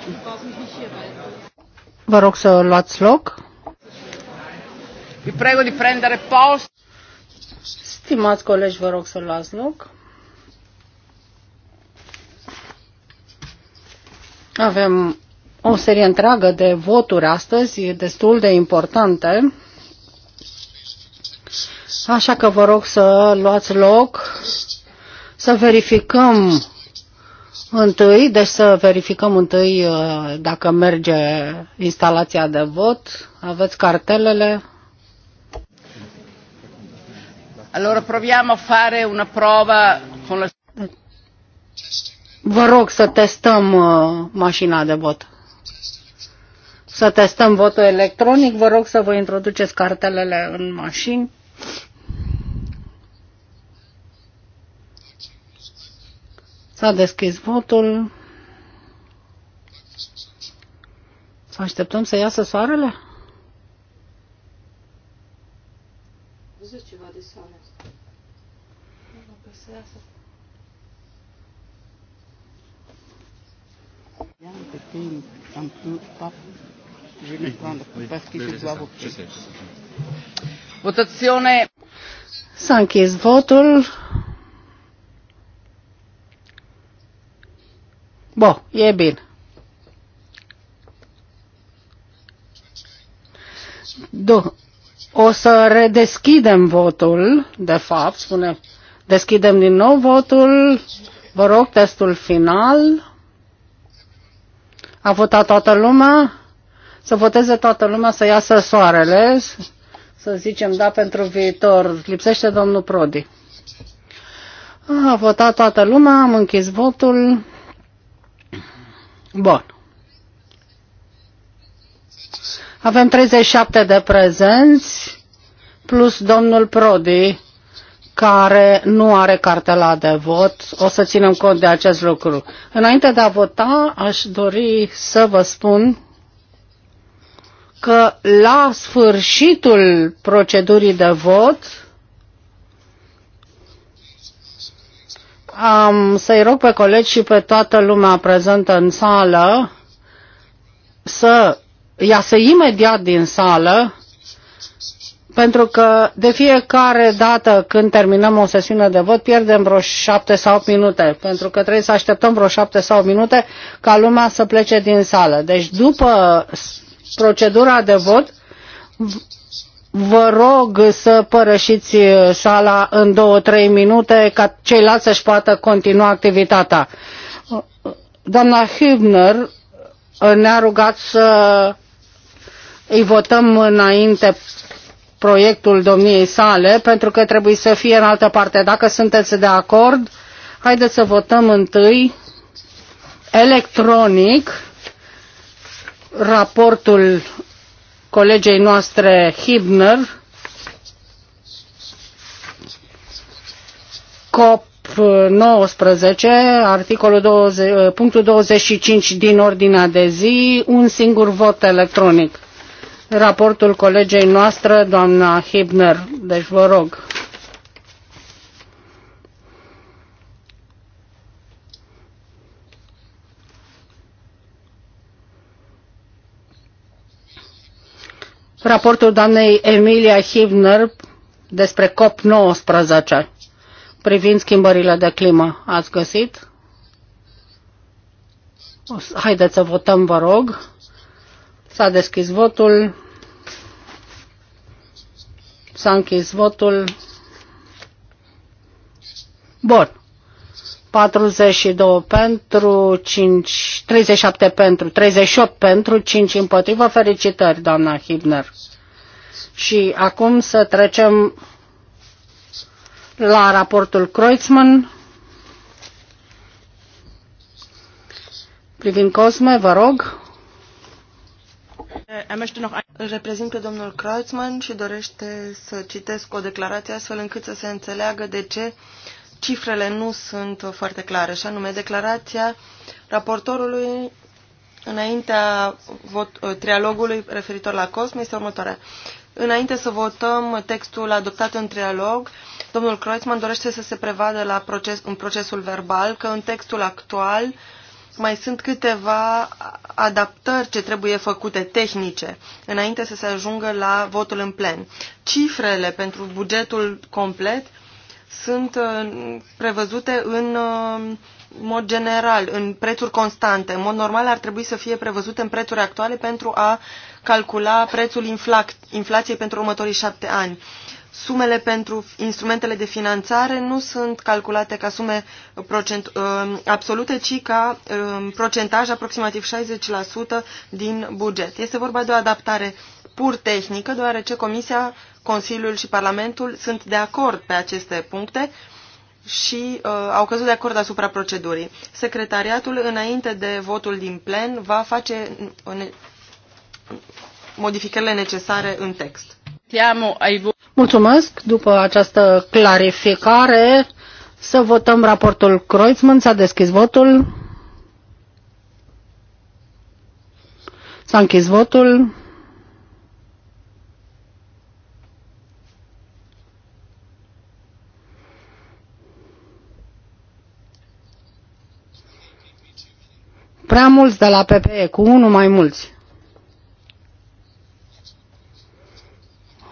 Vă rog să luați loc. Vi prego di prendere posto. Stimați colegi, vă rog să luați loc. Avem o serie întreagă de voturi astăzi, destul de importante. Așa că vă rog să luați loc, să verificăm Întâi, deci să verificăm întâi uh, dacă merge instalația de vot. Aveți cartelele? Allora proviamo a fare una prova con la... Vă rog să testăm uh, mașina de vot. Să testăm votul electronic. Vă rog să vă introduceți cartelele în mașini. S-a deschis votul. Să așteptăm să iasă soarele? Văzut ceva de soare. Nu, că să iasă. Bien, c'était un Votazione. S-a închis votul. Bo, e bine. Do o să redeschidem votul, de fapt, spune, deschidem din nou votul, vă rog, testul final. A votat toată lumea? Să voteze toată lumea, să iasă soarele, să zicem da pentru viitor. Lipsește domnul Prodi. A votat toată lumea, am închis votul. Bun. Avem 37 de prezenți, plus domnul Prodi, care nu are cartela de vot. O să ținem cont de acest lucru. Înainte de a vota, aș dori să vă spun că la sfârșitul procedurii de vot, Am să-i rog pe colegi și pe toată lumea prezentă în sală să iasă imediat din sală, pentru că de fiecare dată când terminăm o sesiune de vot pierdem vreo șapte sau minute, pentru că trebuie să așteptăm vreo șapte sau minute ca lumea să plece din sală. Deci după procedura de vot Vă rog să părășiți sala în două-trei minute ca ceilalți să-și poată continua activitatea. Doamna Hübner ne-a rugat să îi votăm înainte proiectul domniei sale, pentru că trebuie să fie în altă parte. Dacă sunteți de acord, haideți să votăm întâi electronic raportul colegei noastre Hibner, COP19, articolul 20, punctul 25 din ordinea de zi, un singur vot electronic. Raportul colegei noastre, doamna Hibner. Deci vă rog. raportul doamnei Emilia Hivner despre COP19 privind schimbările de climă. Ați găsit? Haideți să votăm, vă rog. S-a deschis votul. S-a închis votul. Bun. 42 pentru, 5, 37 pentru, 38 pentru, 5 împotrivă. Felicitări, doamna Hibner. Și acum să trecem la raportul Kreutzmann. Privind Cosme, vă rog. Îl reprezint pe domnul Kreutzmann și dorește să citesc o declarație astfel încât să se înțeleagă de ce cifrele nu sunt foarte clare, și anume declarația raportorului înaintea vot, ă, trialogului referitor la COSM este următoarea. Înainte să votăm textul adoptat în trialog, domnul Kreutzmann dorește să se prevadă la proces, în procesul verbal că în textul actual mai sunt câteva adaptări ce trebuie făcute tehnice înainte să se ajungă la votul în plen. Cifrele pentru bugetul complet sunt uh, prevăzute în uh, mod general, în prețuri constante. În mod normal ar trebui să fie prevăzute în prețuri actuale pentru a calcula prețul inflației pentru următorii șapte ani. Sumele pentru instrumentele de finanțare nu sunt calculate ca sume uh, procent, absolute, ci ca procentaj aproximativ 60% din buget. Este vorba de o adaptare pur tehnică, deoarece Comisia, Consiliul și Parlamentul sunt de acord pe aceste puncte și uh, au căzut de acord asupra procedurii. Secretariatul, înainte de votul din plen, va face uh, ne modificările necesare în text. Mulțumesc. După această clarificare, să votăm raportul Kreuzmann. S-a deschis votul. S-a închis votul. Prea mulți de la PPE, cu unul mai mulți.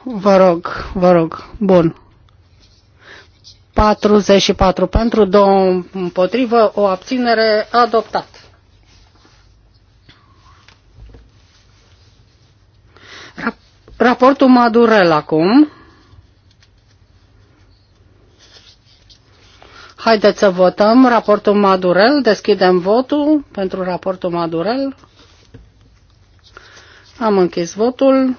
Vă rog, vă rog. Bun. 44 pentru, 2 împotrivă, o abținere adoptat. Raportul Madurel acum. Haideți să votăm raportul Madurel. Deschidem votul pentru raportul Madurel. Am închis votul.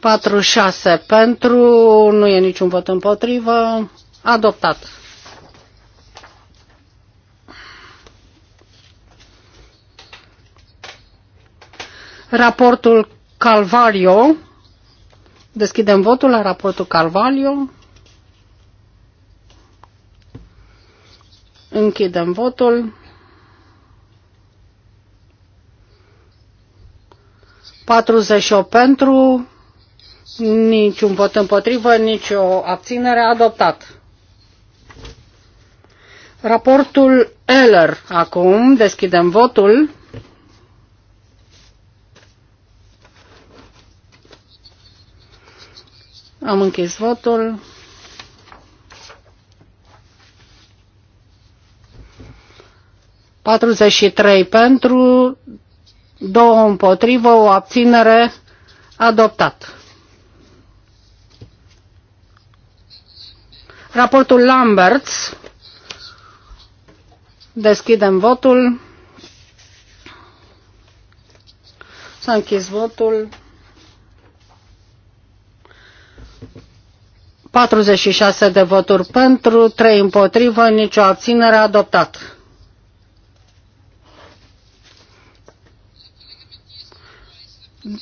Patru șase pentru, nu e niciun vot împotrivă. Adoptat. Raportul Calvario Deschidem votul la raportul Carvalho. Închidem votul. 48 pentru, niciun vot împotrivă, nicio abținere adoptat. Raportul Eller. Acum deschidem votul. Am închis votul. Patruzeci și trei pentru, două împotrivă, o abținere adoptat. Raportul Lamberts. Deschidem votul. S-a închis votul. 46 de voturi pentru, 3 împotrivă, nicio abținere adoptat.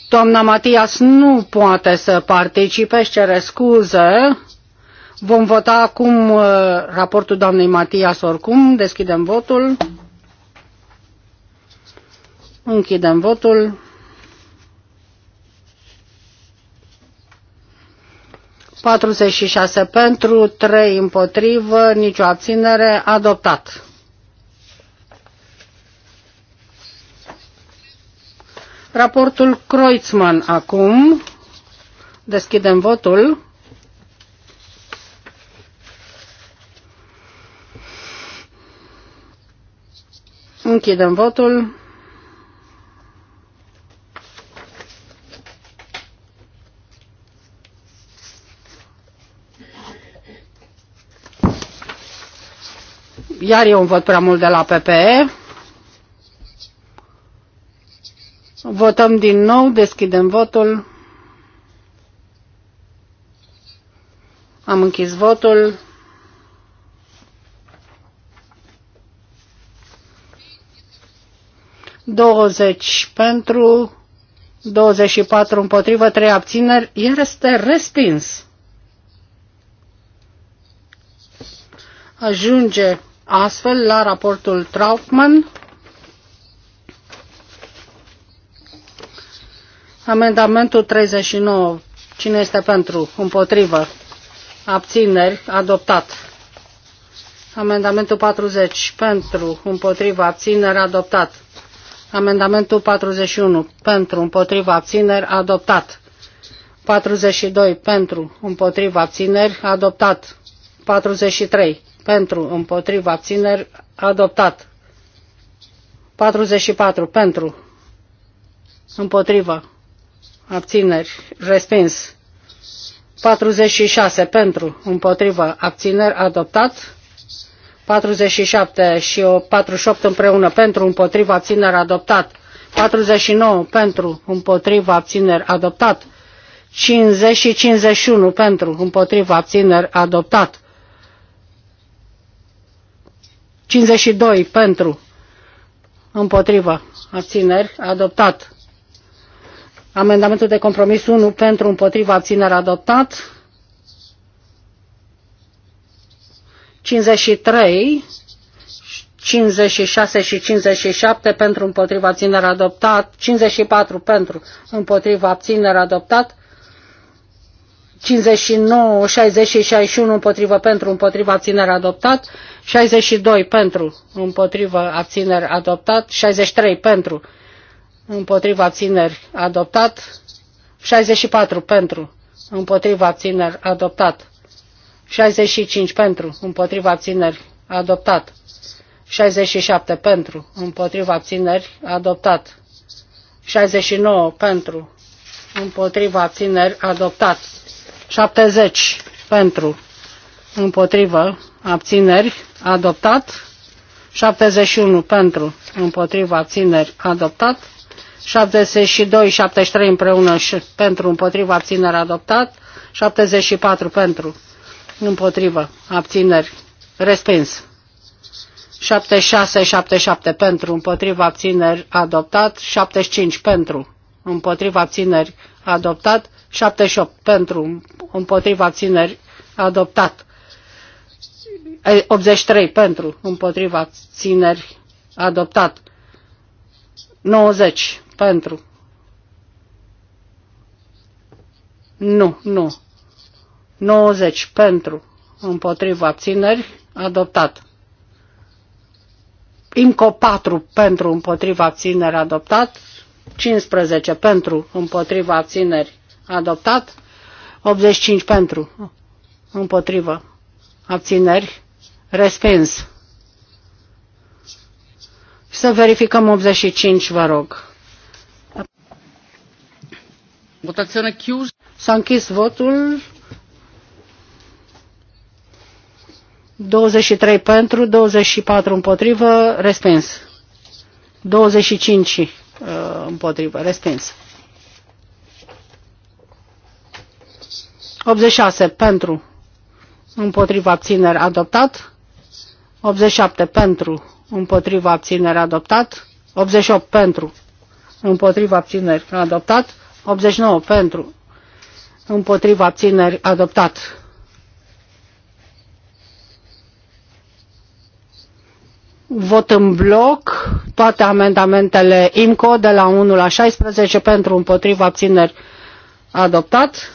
Doamna Matias nu poate să participe, își cere scuze. Vom vota acum uh, raportul doamnei Matias oricum. Deschidem votul. Închidem votul. 46 pentru, 3 împotrivă, nicio abținere, adoptat. Raportul Kreutzmann acum. Deschidem votul. Închidem votul. Iar eu un vot prea mult de la PPE. Votăm din nou, deschidem votul. Am închis votul. Douăzeci pentru, 24 împotrivă, 3 abțineri. Este respins. Ajunge Astfel, la raportul Trautmann, amendamentul 39, cine este pentru, împotrivă, abțineri, adoptat. Amendamentul 40, pentru, împotrivă, abțineri, adoptat. Amendamentul 41, pentru, împotrivă, abțineri, adoptat. 42, pentru, împotrivă, abțineri, adoptat. 43, pentru, împotriva, abțineri, adoptat. 44 pentru, împotriva, abțineri, respins. 46 pentru, împotriva, abțineri, adoptat. 47 și 48 împreună pentru, împotriva, abțineri, adoptat. 49 pentru, împotriva, abțineri, adoptat. 50 și 51 pentru, împotriva, abțineri, adoptat. 52 pentru, împotriva, abțineri, adoptat. Amendamentul de compromis 1 pentru, împotriva, abțineri, adoptat. 53, 56 și 57 pentru, împotriva, abțineri, adoptat. 54 pentru, împotriva, abțineri, adoptat. 59, 60 și 61 împotrivă pentru, împotrivă abținere adoptat, 62 pentru, împotrivă abțineri adoptat, 63 pentru, împotrivă abțineri adoptat, 64 pentru, împotrivă abțineri adoptat, 65 pentru, împotrivă abțineri adoptat, 67 pentru, împotrivă abțineri adoptat, 69 pentru, împotriva abțineri adoptat. 70 pentru, împotrivă, abțineri, adoptat. 71 pentru, împotrivă, abțineri, adoptat. 72, 73 împreună și pentru, împotrivă, abțineri, adoptat. 74 pentru, împotrivă, abțineri, respins. 76, 77 pentru, împotriva abțineri adoptat, 75 pentru, împotriva abțineri adoptat, 78 pentru, împotriva țineri adoptat. 83 pentru, împotriva țineri adoptat. 90 pentru. Nu, nu. 90 pentru, împotriva abțineri adoptat. IMCO 4 pentru împotriva abțineri adoptat, 15 pentru împotriva abțineri adoptat, 85 pentru, împotrivă, abțineri, respins. Să verificăm 85, vă rog. Votațiune Q. S-a închis votul. 23 pentru, 24 împotrivă, respins. 25 uh, împotrivă, respins. 86 pentru, împotriva abțineri adoptat, 87 pentru, împotriva abțineri adoptat, 88 pentru, împotriva abțineri adoptat, 89 pentru, împotriva abțineri adoptat. Vot în bloc toate amendamentele IMCO de la 1 la 16 pentru împotriva abțineri adoptat.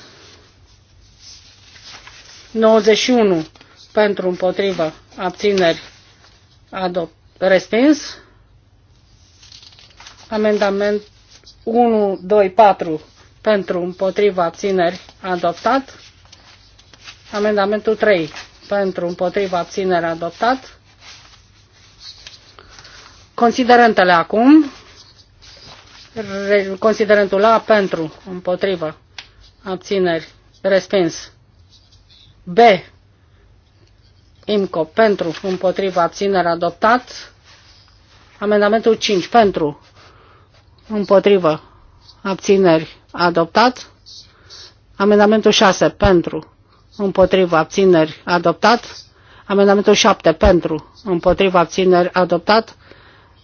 91 pentru împotrivă abțineri adopt, respins. Amendament 1, 2, 4 pentru împotriva abțineri adoptat. Amendamentul 3 pentru împotriva abțineri adoptat. Considerentele acum. Considerentul A pentru împotriva abțineri respins. B. IMCO pentru, împotriva, abținere adoptat. Amendamentul 5 pentru, împotrivă, abțineri adoptat. Amendamentul 6 pentru, împotrivă abțineri adoptat. Amendamentul 7 pentru, împotrivă abțineri adoptat.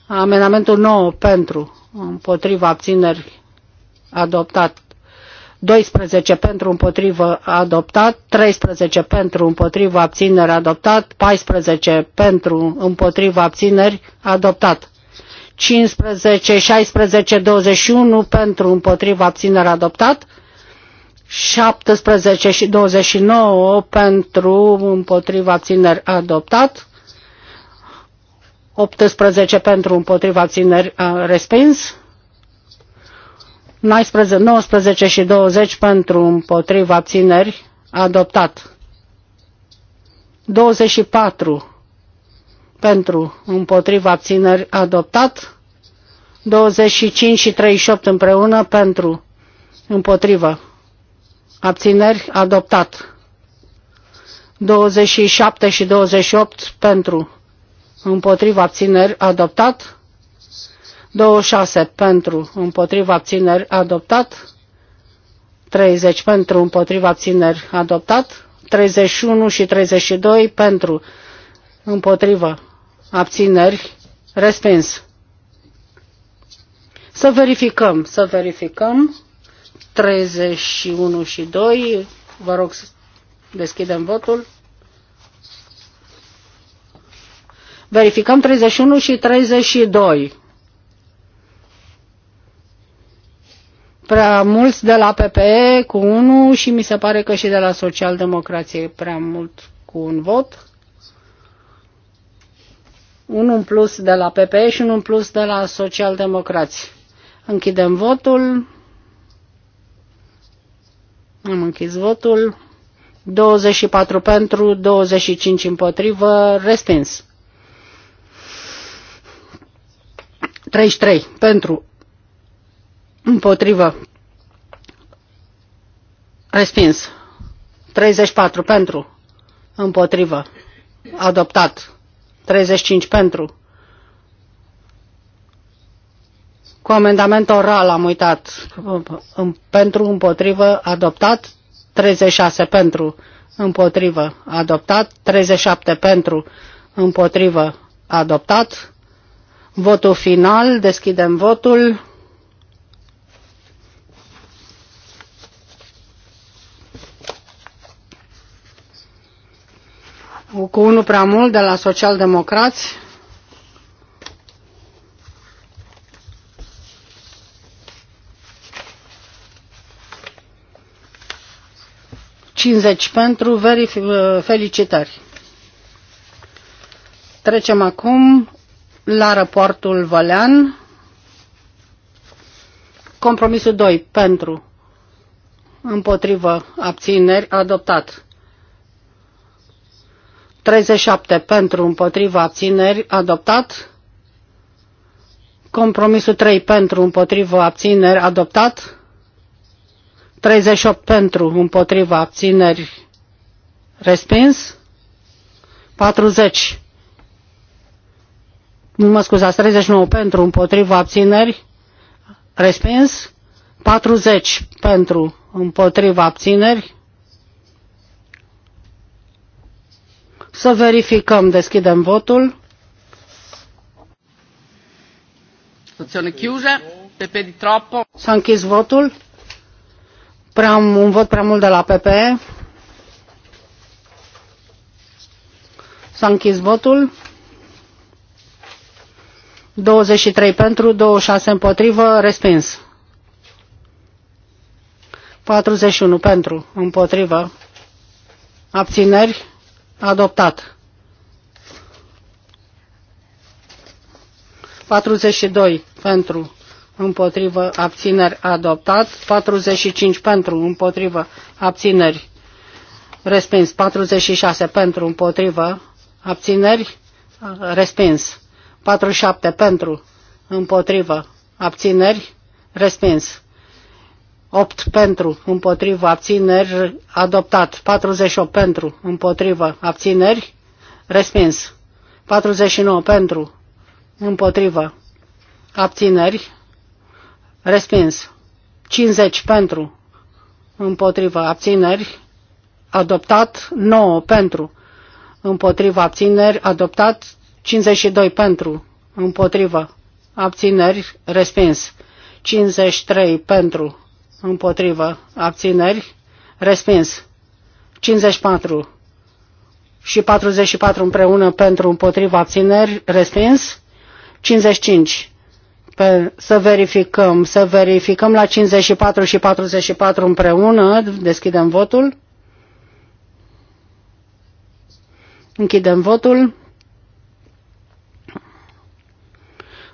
Amendamentul 9 pentru, împotrivă abțineri adoptat. 12 pentru împotrivă adoptat, 13 pentru împotrivă abțineri adoptat, 14 pentru împotrivă abțineri adoptat. 15, 16, 21 pentru împotriva abținere adoptat, 17 și 29 pentru împotriva abținere adoptat, 18 pentru împotriva abținere respins, 19, și 20 pentru împotriva abțineri adoptat. 24 pentru împotriva abțineri adoptat. 25 și 38 împreună pentru împotriva abțineri adoptat. 27 și 28 pentru împotriva abțineri adoptat. 26 pentru, împotriva abțineri adoptat. 30 pentru, împotriva abțineri adoptat. 31 și 32 pentru, împotriva abțineri respins. Să verificăm, să verificăm. 31 și 2. Vă rog să deschidem votul. Verificăm 31 și 32. prea mulți de la PPE cu unul și mi se pare că și de la socialdemocrație prea mult cu un vot. Unul în plus de la PPE și unul în plus de la socialdemocrație. Închidem votul. Am închis votul. 24 pentru, 25 împotrivă, respins. 33 pentru, împotrivă, respins. 34 pentru, împotrivă, adoptat. 35 pentru. Cu amendament oral am uitat. Pentru, împotrivă, adoptat. 36 pentru, împotrivă, adoptat. 37 pentru, împotrivă, adoptat. Votul final, deschidem votul. cu unul prea mult de la socialdemocrați. Cincizeci pentru uh, felicitări. Trecem acum la raportul Valean. Compromisul 2 pentru împotrivă abțineri adoptat. 37 pentru, împotriva abțineri, adoptat. Compromisul 3 pentru, împotriva abțineri, adoptat. 38 pentru, împotriva abțineri, respins. 40. Nu mă scuzați, 39 pentru, împotriva abțineri, respins. 40 pentru, împotriva abțineri, Să verificăm, deschidem votul. S-a închis votul. Prea, un vot prea mult de la PP. S-a închis votul. 23 pentru, 26 împotrivă, respins. 41 pentru, împotrivă, abțineri, Adoptat. 42 pentru împotrivă abțineri adoptat, 45 pentru împotrivă abțineri respins, 46 pentru împotrivă abțineri respins, 47 pentru împotrivă abțineri respins, 8 pentru, împotrivă, abțineri, adoptat. 48 pentru, împotrivă, abțineri, respins. 49 pentru, împotrivă, abțineri, respins. 50 pentru, împotrivă, abțineri, adoptat. 9 pentru, împotrivă, abțineri, adoptat. 52 pentru, împotrivă, abțineri, respins. 53 pentru, împotrivă, abțineri, respins. 54 și 44 împreună pentru împotriva abțineri, respins. 55 pe, să verificăm, să verificăm la 54 și 44 împreună, deschidem votul. Închidem votul.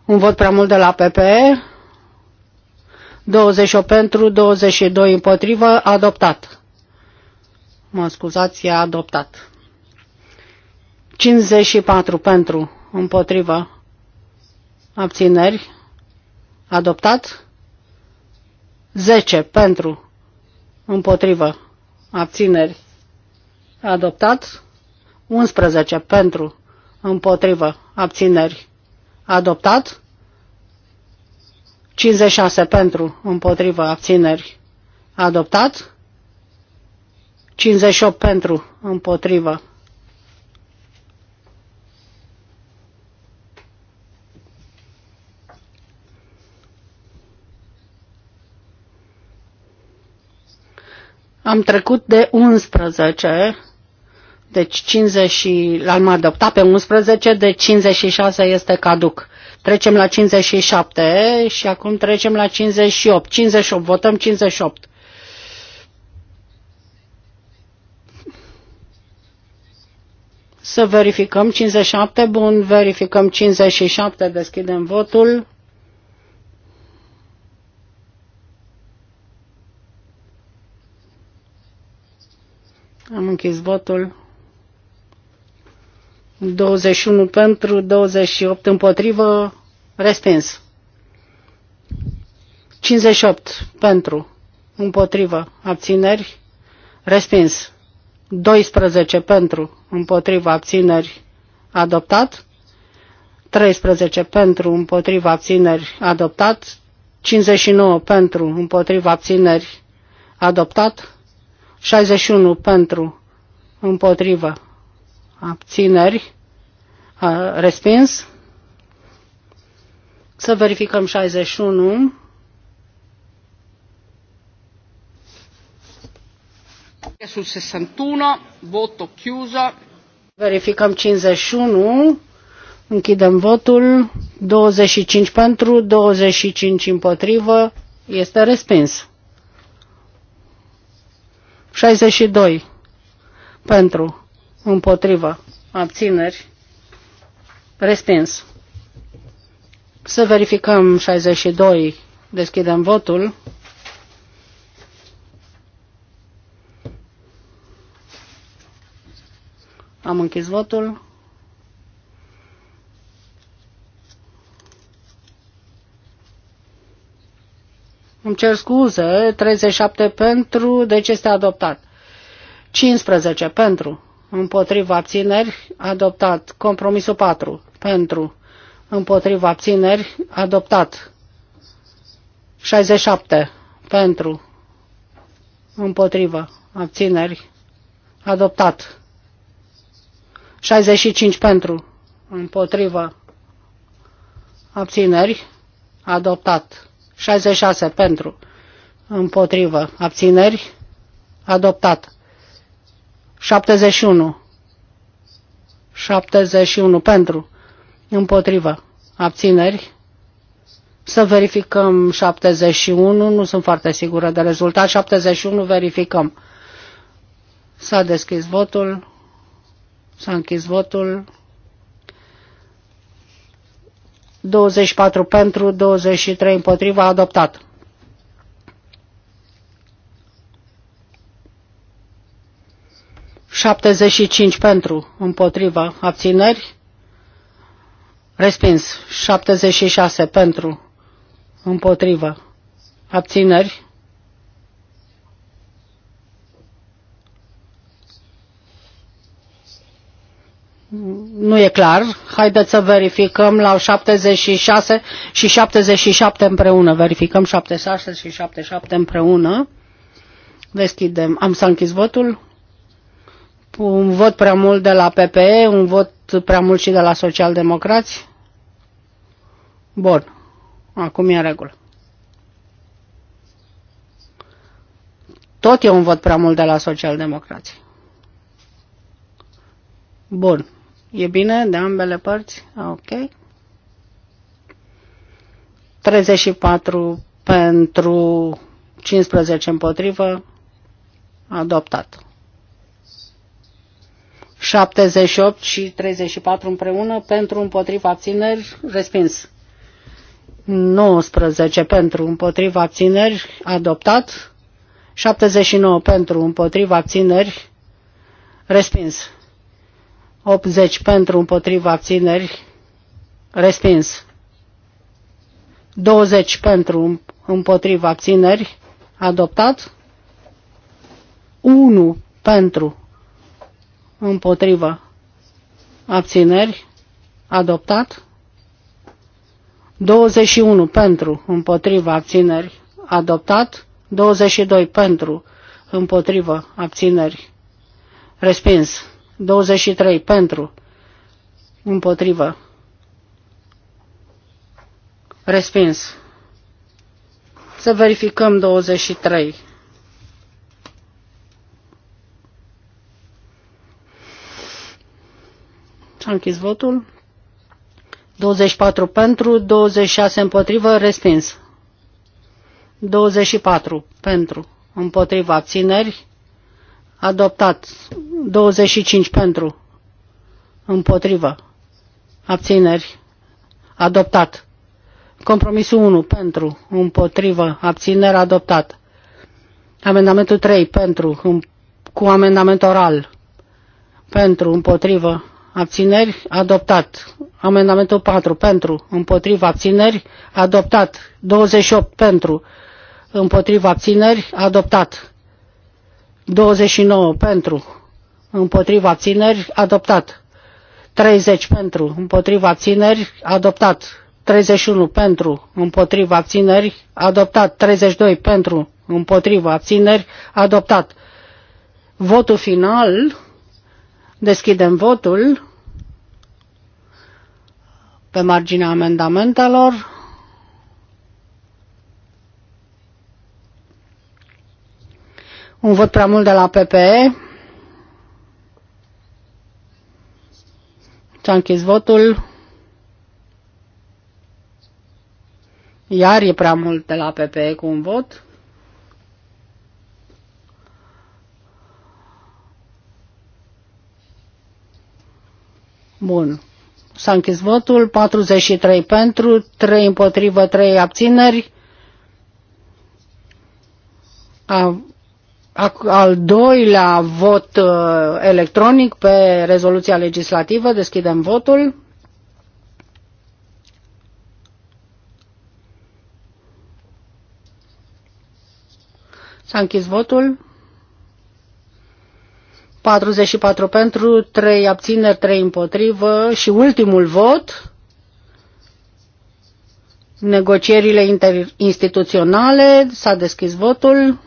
Un vot prea mult de la PPE. 28 pentru, 22 împotrivă, adoptat. Mă scuzați, e adoptat. 54 pentru, împotrivă, abțineri, adoptat. 10 pentru, împotrivă, abțineri, adoptat. 11 pentru, împotrivă, abțineri, adoptat. 56 pentru, împotrivă, abțineri, adoptat. 58 pentru, împotrivă. Am trecut de 11 deci 50 l-am adoptat pe 11, de 56 este caduc. Trecem la 57 și acum trecem la 58. 58, votăm 58. Să verificăm 57, bun, verificăm 57, deschidem votul. Am închis votul. 21 pentru, 28 împotrivă, respins. 58 pentru, împotrivă, abțineri, respins. 12 pentru, împotrivă, abțineri, adoptat. 13 pentru, împotrivă, abțineri, adoptat. 59 pentru, împotrivă, abțineri, adoptat. 61 pentru, împotrivă, abțineri, a, respins. Să verificăm 61. Sul 61, voto chiuso. Verificăm 51. Închidem votul. 25 pentru, 25 împotrivă. Este respins. 62 pentru, împotrivă, abțineri, respins. Să verificăm 62, deschidem votul. Am închis votul. Îmi cer scuze, 37 pentru, deci este adoptat. 15 pentru, împotriva abțineri, adoptat. Compromisul 4, pentru, împotriva abțineri, adoptat. 67, pentru, împotriva abțineri, adoptat. 65 pentru, împotriva abțineri, adoptat. 66 pentru, împotriva abțineri, adoptat. 71. 71 pentru. Împotrivă. Abțineri. Să verificăm 71, nu sunt foarte sigură de rezultat. 71 verificăm. S-a deschis votul. S-a închis votul. 24 pentru, 23 împotriva, adoptat. 75 pentru, împotriva, abțineri, respins. 76 pentru, împotriva, abțineri. Nu e clar. Haideți să verificăm la 76 și 77 împreună. Verificăm 76 și 77 împreună. Deschidem. Am să închis votul un vot prea mult de la PPE, un vot prea mult și de la socialdemocrați? Bun. Acum e în regulă. Tot e un vot prea mult de la socialdemocrați. Bun. E bine de ambele părți? Ah, ok. 34 pentru 15 împotrivă. Adoptat. 78 și 34 împreună pentru împotriva abțineri respins. 19 pentru împotriva abțineri adoptat. 79 pentru împotriva abțineri respins. 80 pentru împotriva abțineri respins. 20 pentru împotriva abțineri adoptat. 1 pentru împotrivă, abțineri, adoptat. 21 pentru, împotrivă, abțineri, adoptat. 22 pentru, împotrivă, abțineri, respins. 23 pentru, împotrivă, respins. Să verificăm 23. Am închis votul. 24 pentru, 26 împotrivă, respins. 24 pentru, împotrivă, abțineri, adoptat. 25 pentru, împotrivă, abțineri, adoptat. Compromisul 1 pentru, împotrivă, abțineri, adoptat. Amendamentul 3 pentru, cu amendament oral, pentru, împotrivă, abțineri, adoptat. Amendamentul 4 pentru, împotriva abțineri, adoptat. 28 pentru, împotriva abțineri, adoptat. 29 pentru, împotriva abțineri, adoptat. 30 pentru, împotriva abțineri, adoptat. 31 pentru, împotriva abțineri, adoptat. 32 pentru, împotriva abțineri, adoptat. Votul final Deschidem votul pe marginea amendamentelor. Un vot prea mult de la PPE. S-a închis votul. Iar e prea mult de la PPE cu un vot. Bun. S-a închis votul. 43 pentru, 3 împotrivă, 3 abțineri. A, a, al doilea vot uh, electronic pe rezoluția legislativă. Deschidem votul. S-a închis votul. 44 pentru, 3 abțineri, 3 împotrivă și ultimul vot, negocierile interinstituționale, s-a deschis votul,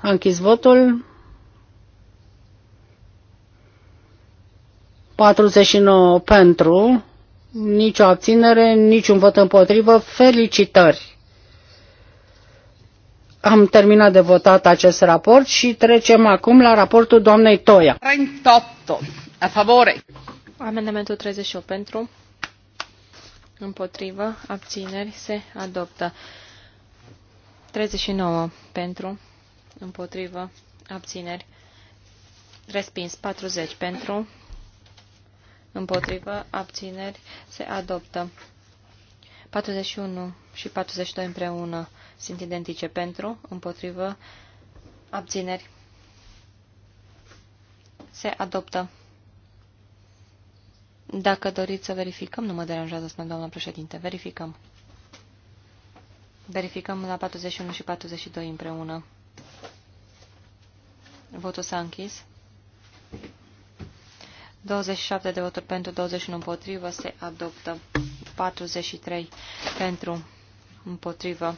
a închis votul, 49 pentru, nicio abținere, niciun vot împotrivă, felicitări! am terminat de votat acest raport și trecem acum la raportul doamnei Toia. 38. A favore. Amendamentul 38 pentru. Împotrivă. Abțineri. Se adoptă. 39 pentru. Împotrivă. Abțineri. Respins. 40 pentru. Împotrivă. Abțineri. Se adoptă. 41 și 42 împreună sunt identice pentru, împotrivă, abțineri. Se adoptă. Dacă doriți să verificăm, nu mă deranjează, spune doamna președinte. Verificăm. Verificăm la 41 și 42 împreună. Votul s-a închis. 27 de voturi pentru, 21 împotrivă, se adoptă. 43 pentru, împotrivă,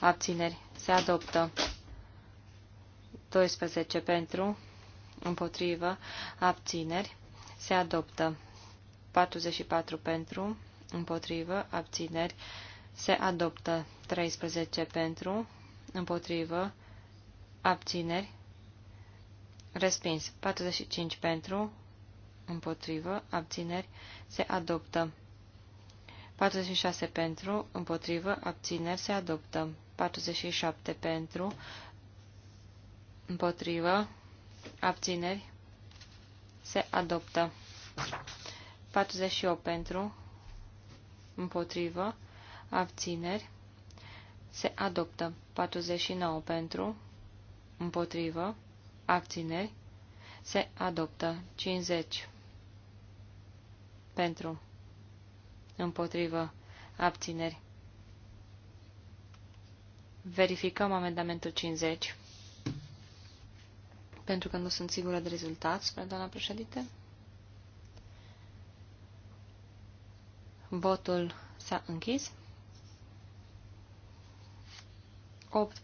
abțineri, se adoptă. 12 pentru, împotrivă, abțineri, se adoptă. 44 pentru, împotrivă, abțineri, se adoptă. 13 pentru, împotrivă, abțineri, respins. 45 pentru, împotrivă, abțineri, se adoptă. 46 pentru, împotrivă, abțineri, se adoptă. 47 pentru, împotrivă, abțineri, se adoptă. 48 pentru, împotrivă, abțineri, se adoptă. 49 pentru, împotrivă, abțineri, se adoptă. 50 pentru, împotrivă, abțineri, Verificăm amendamentul 50. Pentru că nu sunt sigură de rezultat, spre doamna președinte. Votul s-a închis. 8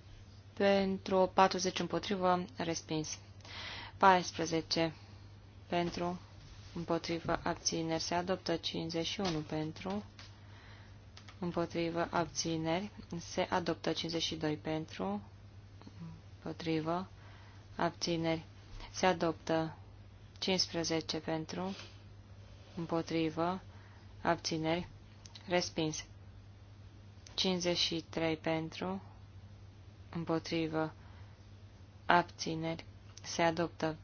pentru 40 împotrivă, respins. 14 pentru împotrivă, abțineri, se adoptă 51 pentru împotrivă, abțineri, se adoptă 52 pentru, împotrivă, abțineri, se adoptă 15 pentru, împotrivă, abțineri, respins, 53 pentru, împotrivă, abțineri, se adoptă,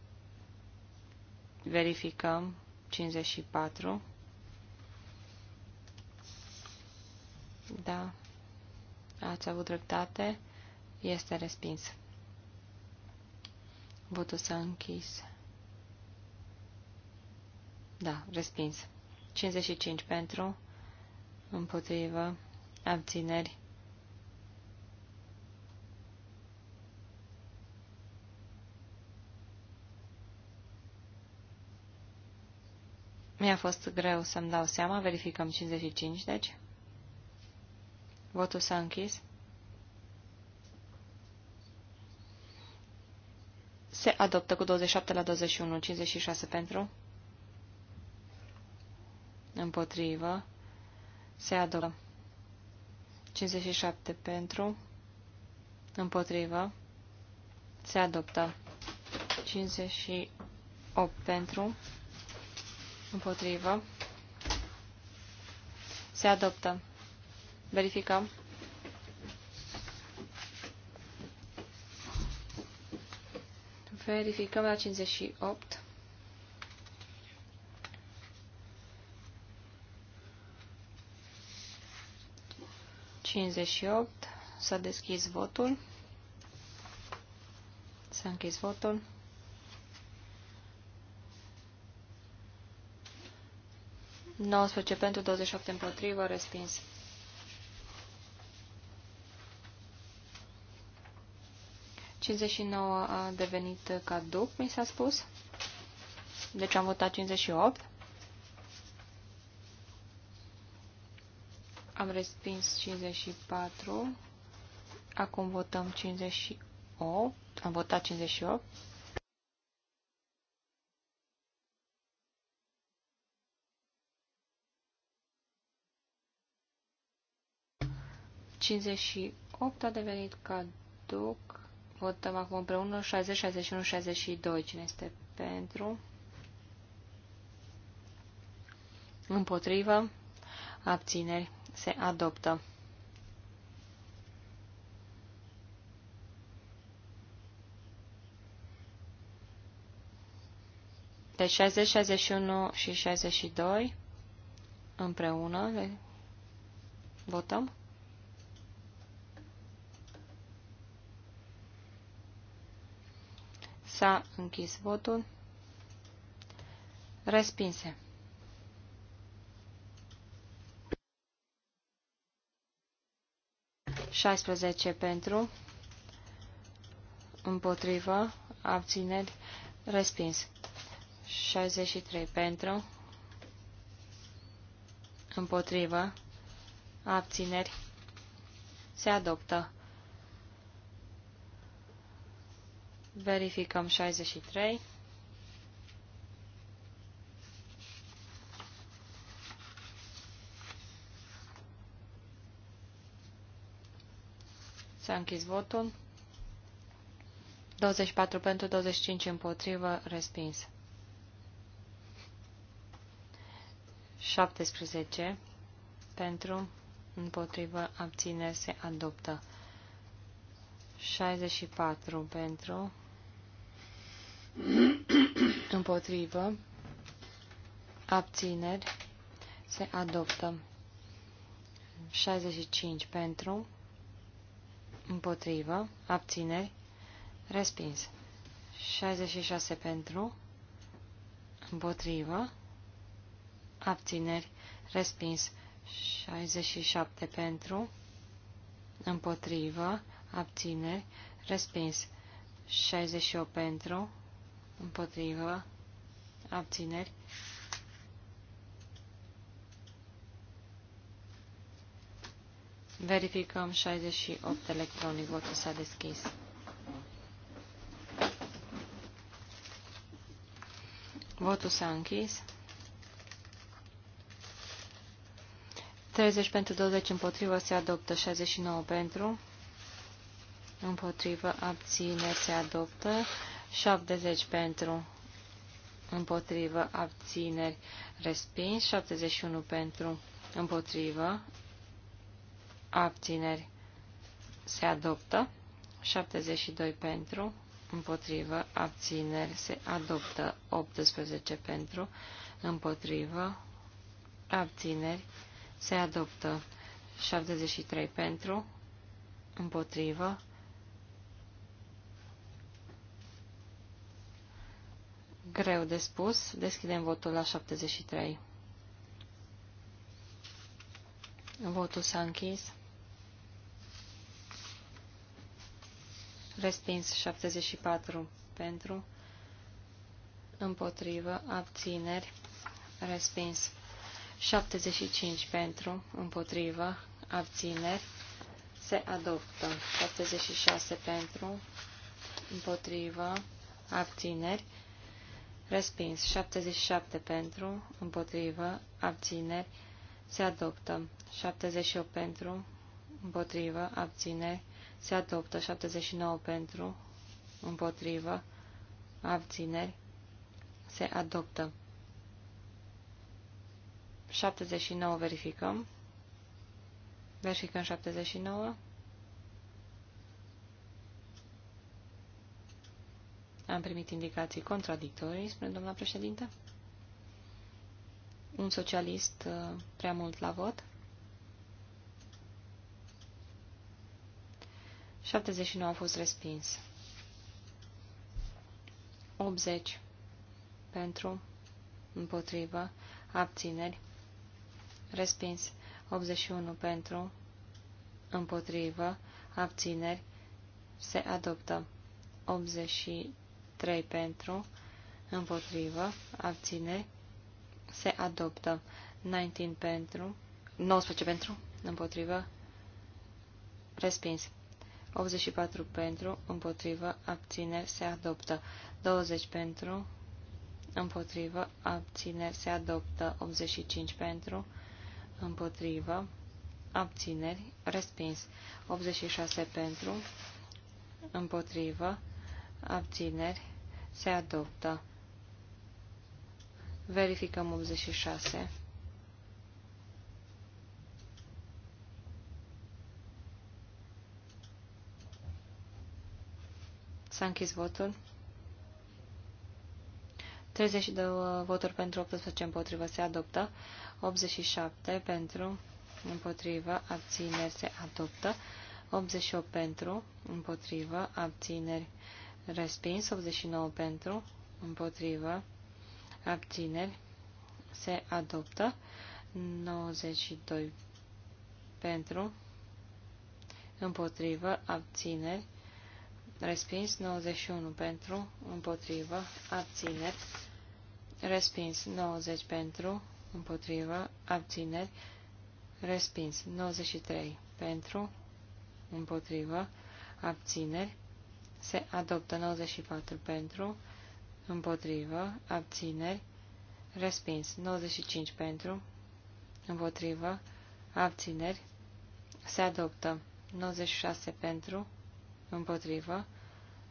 verificăm, 54, Da, ați avut dreptate. Este respins. Votul s-a închis. Da, respins. 55 pentru, împotrivă, abțineri. Mi-a fost greu să-mi dau seama, verificăm 55, deci... Votul s-a închis. Se adoptă cu 27 la 21, 56 pentru. Împotrivă. Se adoptă. 57 pentru. Împotrivă. Se adoptă. 58 pentru. Împotrivă. Se adoptă. Verificăm. Verificăm la 58. S-a deschis votul. S-a închis votul. Nu pentru 28 împotrivă, respins. 59 a devenit caduc, mi s-a spus. Deci am votat 58. Am respins 54. Acum votăm 58. Am votat 58. Cincizeci opt a devenit caduc. Votăm acum împreună 60, 61, 62. Cine este pentru? Împotrivă. Abțineri. Se adoptă. Deci 60, 61 și 62 împreună le votăm. S-a închis votul. Respinse. Șaisprezece pentru, împotrivă, abțineri, respins. 63 pentru, împotrivă, abțineri, se adoptă. Verificăm 63. S-a închis votul. 24 pentru, 25 împotrivă, respins. 17 pentru, împotrivă, abține, se adoptă. 64 pentru, împotrivă, abțineri, se adoptă. 65 pentru, împotrivă, abțineri, respins. 66 pentru, împotrivă, abțineri, respins. 67 pentru, împotrivă, abțineri, respins. 68 pentru, împotrivă, abțineri. Verificăm 68 electronic, votul s-a deschis. Votul s-a închis. 30 pentru 20 împotrivă se adoptă, 69 pentru, împotrivă abține se adoptă, 70 pentru, împotrivă, abțineri, respins, 71 pentru, împotrivă, abțineri, se adoptă, 72 pentru, împotrivă, abțineri, se adoptă, 18 pentru, împotrivă, abțineri, se adoptă, 73 pentru, împotrivă, greu de spus. Deschidem votul la 73. Votul s-a închis. Respins 74 pentru, împotrivă, abțineri, respins 75 pentru, împotrivă, abțineri, se adoptă 76 pentru, împotrivă, abțineri, Respins. 77 pentru, împotrivă, abțineri, se adoptă. 78 pentru, împotrivă, abțineri, se adoptă. 79 pentru, împotrivă, abțineri, se adoptă. 79 verificăm. Verificăm 79. Am primit indicații contradictorii, spune doamna președinte. Un socialist uh, prea mult la vot. 79 a fost respins. 80 pentru, împotrivă, abțineri, respins. 81 pentru, împotrivă, abțineri, se adoptă. 80 3 pentru, împotrivă, abține, se adoptă. 19 pentru, 19 pentru, împotrivă, respins. 84 pentru, împotrivă, abține, se adoptă. 20 pentru, împotrivă, abține, se adoptă. 85 pentru, împotrivă, abțineri, respins. 86 pentru, împotrivă, abțineri, se adoptă. Verificăm 86. S-a închis votul. 32 voturi pentru, 18 împotrivă, se adoptă. 87 pentru, împotrivă, abțineri, se adoptă. 88 pentru, împotrivă, abțineri, Respins 89 pentru, împotrivă, abțineri, se adoptă 92 pentru, împotrivă, abțineri, respins 91 pentru, împotrivă, abțineri, respins 90 pentru, împotrivă, abțineri, respins 93 pentru, împotrivă, abțineri, se adoptă 94 pentru, împotrivă, abțineri, respins 95 pentru, împotrivă, abțineri, se adoptă 96 pentru, împotrivă,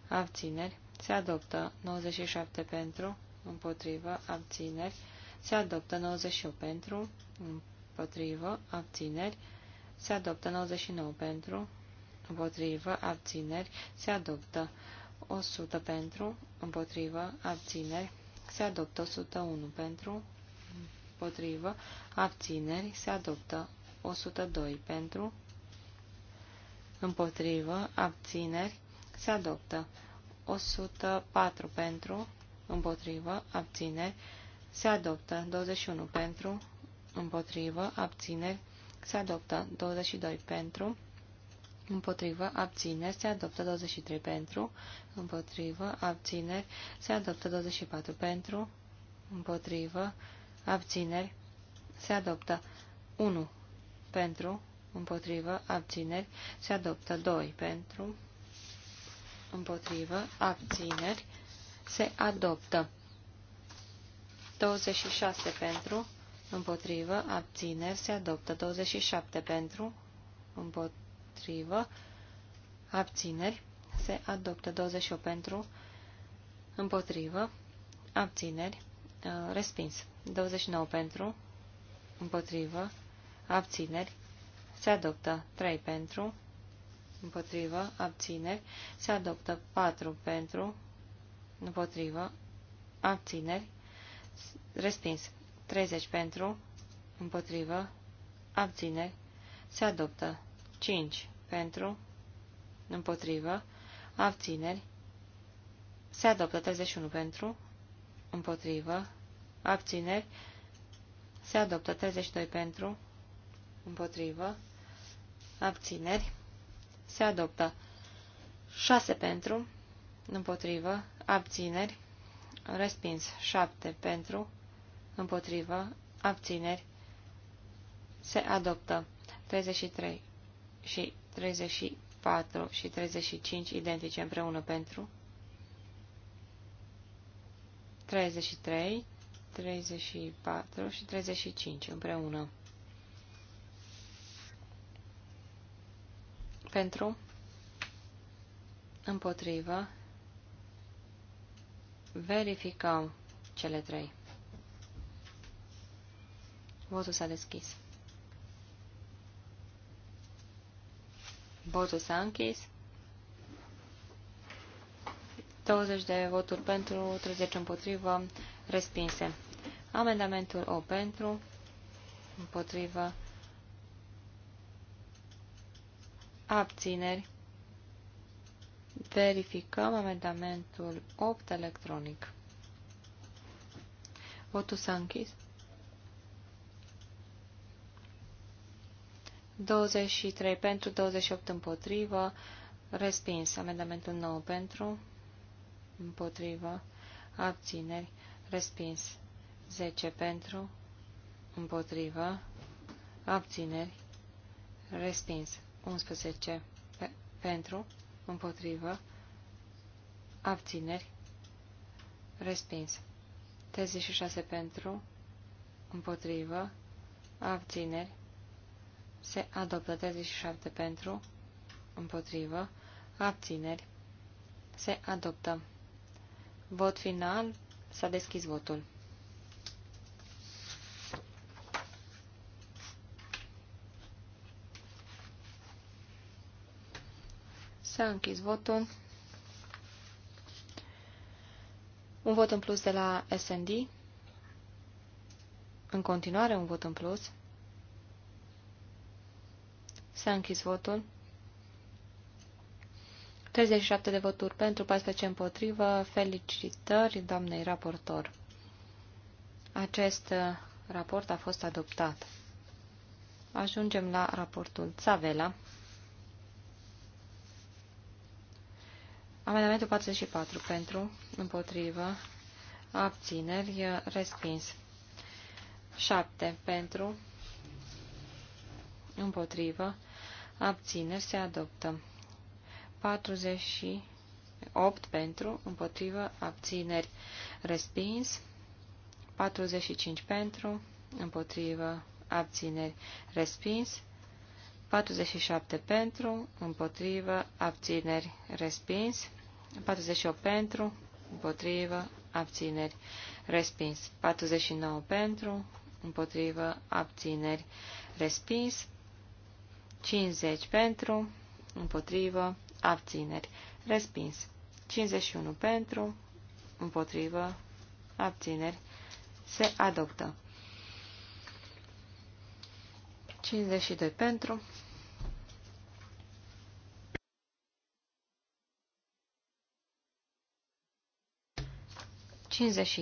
abțineri, se adoptă 97 pentru, împotrivă, abțineri, se adoptă 98 pentru, împotrivă, abțineri, se adoptă 99 pentru, împotrivă, abțineri, se adoptă. 100 pentru, împotrivă, abțineri, se adoptă. 101 pentru, împotrivă, abțineri, se adoptă. 102 pentru, împotrivă, abțineri, se adoptă. 104 pentru, împotrivă, abțineri, se adoptă. 21 pentru, împotrivă, abțineri, se adoptă. 22 pentru, Împotrivă, abțineri, se adoptă 23 pentru. Împotrivă, abțineri, se adoptă 24 pentru. Împotrivă, abțineri, se adoptă 1 pentru. Împotrivă, abțineri, se adoptă 2 pentru. Împotrivă, abțineri, se adoptă 26 pentru. Împotrivă, abțineri, se adoptă 27 pentru. Împotrivă împotrivă, abțineri, se adoptă 28 pentru, împotrivă, abțineri, uh, respins, 29 pentru, împotrivă, abțineri, se adoptă 3 pentru, împotrivă, abțineri, se adoptă 4 pentru, împotrivă, abțineri, respins, 30 pentru, împotrivă, abțineri, se adoptă 5. Pentru, împotrivă, abțineri, se adoptă 31 pentru, împotrivă, abțineri, se adoptă 32 pentru, împotrivă, abțineri, se adoptă 6 pentru, împotrivă, abțineri, respins 7 pentru, împotrivă, abțineri, se adoptă 33 și 34 și 35 identice împreună pentru 33, 34 și 35 împreună. Pentru, împotrivă, verificăm cele trei. Votul s-a deschis. Votul s-a închis. 20 de voturi pentru, 30 împotrivă, respinse. Amendamentul O pentru, împotrivă, abțineri. Verificăm amendamentul 8 electronic. Votul s-a închis. 23 pentru, 28 împotrivă, respins. Amendamentul 9 pentru, împotrivă, abțineri, respins. 10 pentru, împotrivă, abțineri, respins. 11 pe, pentru, împotrivă, abțineri, respins. 36 pentru, împotrivă, abțineri, se adoptă 37 pentru, împotrivă, abțineri, se adoptă. Vot final, s-a deschis votul. S-a închis votul. Un vot în plus de la SND. În continuare, un vot în plus. S-a închis votul. 37 de voturi pentru, 14 împotrivă. Felicitări doamnei raportor. Acest uh, raport a fost adoptat. Ajungem la raportul Țavela. Amendamentul 44 pentru, împotrivă, abțineri, respins. 7 pentru, împotrivă, abțineri se adoptă. 48 pentru, împotrivă, abțineri respins. 45 pentru, împotrivă, abțineri respins. 47 pentru, împotrivă, abțineri respins. 48 pentru, împotrivă, abțineri respins. 49 pentru, împotrivă, abțineri respins. 50 pentru, împotrivă, abțineri, respins. 51 pentru, împotrivă, abțineri, se adoptă. 52 pentru, Cincizeci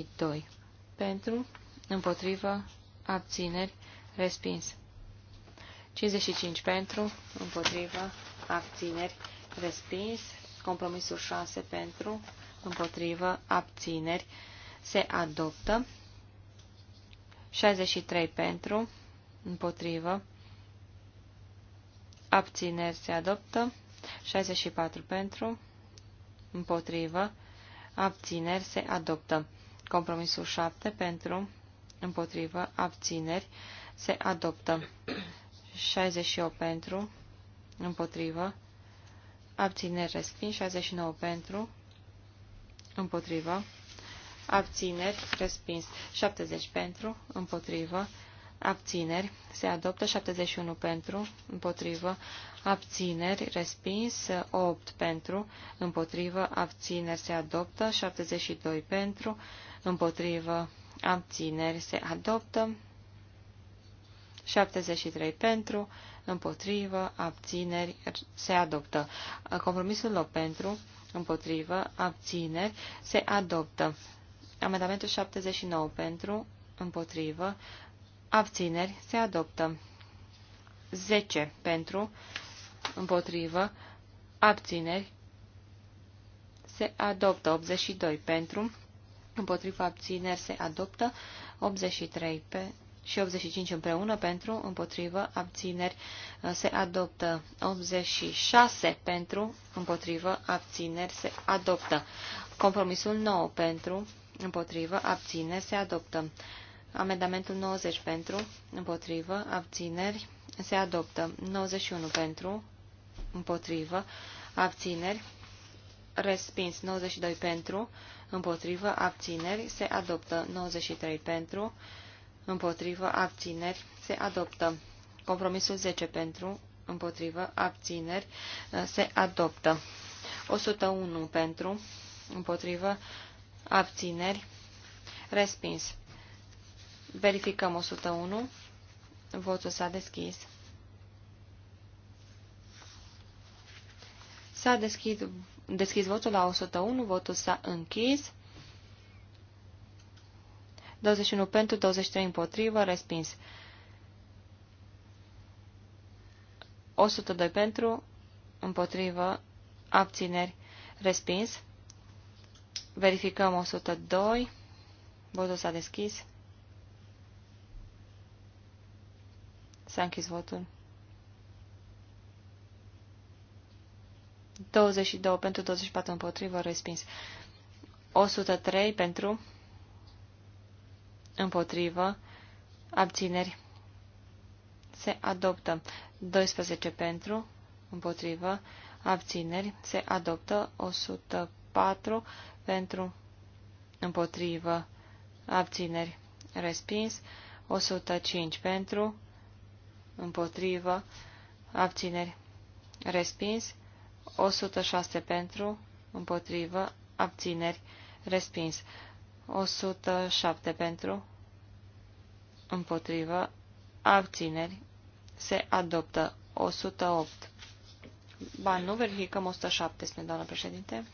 pentru, împotrivă, abțineri, respins. 55 pentru, împotrivă, abțineri, respins. Compromisul 6 pentru, împotrivă, abțineri, se adoptă. 63 pentru, împotrivă, abțineri, se adoptă. 64 pentru, împotrivă, abțineri, se adoptă. Compromisul 7 pentru, împotrivă, abțineri, se adoptă. 68 pentru, împotrivă, abțineri respins, 69 pentru, împotrivă, abțineri respins, 70 pentru, împotrivă, abțineri, se adoptă 71 pentru, împotrivă, abțineri, respins, 8 pentru, împotrivă, abțineri, se adoptă 72 pentru, împotrivă, abțineri, se adoptă 73 pentru, împotrivă, abțineri, se adoptă. Compromisul lor pentru, împotrivă, abțineri, se adoptă. Amendamentul 79 pentru, împotrivă, abțineri, se adoptă. 10 pentru, împotrivă, abțineri, se adoptă. 82 pentru, împotrivă, abțineri, se adoptă. 83 pentru și 85 împreună pentru, împotrivă, abțineri uh, se adoptă. 86 pentru, împotrivă, abțineri se adoptă. Compromisul 9 pentru, împotrivă, abțineri se adoptă. Amendamentul 90 pentru, împotrivă, abțineri se adoptă. 91 pentru, împotrivă, abțineri respins 92 pentru, împotrivă, abțineri, se adoptă 93 pentru, împotrivă, abțineri, se adoptă. Compromisul 10 pentru, împotrivă, abțineri, uh, se adoptă. 101 pentru, împotrivă, abțineri, respins. Verificăm 101. Votul s-a deschis. S-a deschis, deschis votul la 101, votul s-a închis 21 pentru, 23 împotrivă, respins. 102 pentru, împotrivă, abțineri, respins. Verificăm 102. Votul s-a deschis. S-a închis votul. 22 pentru, 24 împotrivă, respins. 103 pentru, Împotrivă. Abțineri. Se adoptă. 12 pentru. Împotrivă. Abțineri. Se adoptă. 104 pentru. Împotrivă. Abțineri. Respins. 105 pentru. Împotrivă. Abțineri. Respins. 106 pentru. Împotrivă. Abțineri. Respins. 107 pentru, împotrivă, abțineri, se adoptă 108. Ba, nu verificăm 107, spune doamna președinte.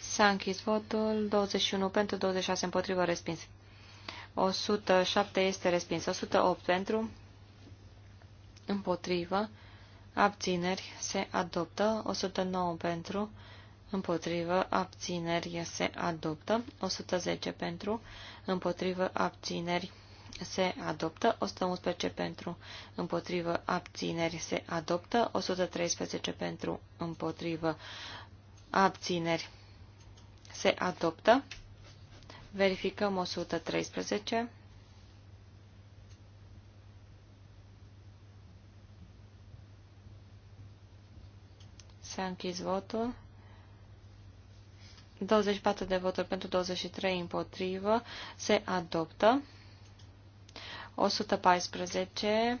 S-a închis votul, 21 pentru, 26 împotrivă, respins. 107 este respins, 108 pentru, împotrivă, abțineri se adoptă, 109 pentru, împotrivă, abțineri se adoptă, 110 pentru, împotrivă, abțineri se adoptă, 111 pentru, împotrivă, abțineri se adoptă, 113 pentru, împotrivă, abțineri se adoptă, verificăm 113, S-a închis votul. 24 de voturi pentru 23 împotrivă. Se adoptă. 114.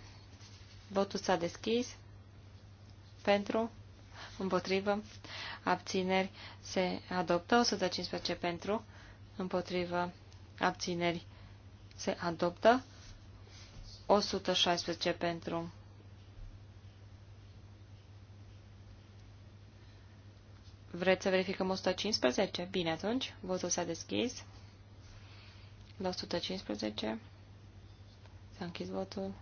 Votul s-a deschis. Pentru. Împotrivă. Abțineri. Se adoptă. 115 pentru. Împotrivă. Abțineri. Se adoptă. 116 pentru. Vreți să verificăm 115? Bine atunci, votul s-a deschis. La 115 s-a închis votul.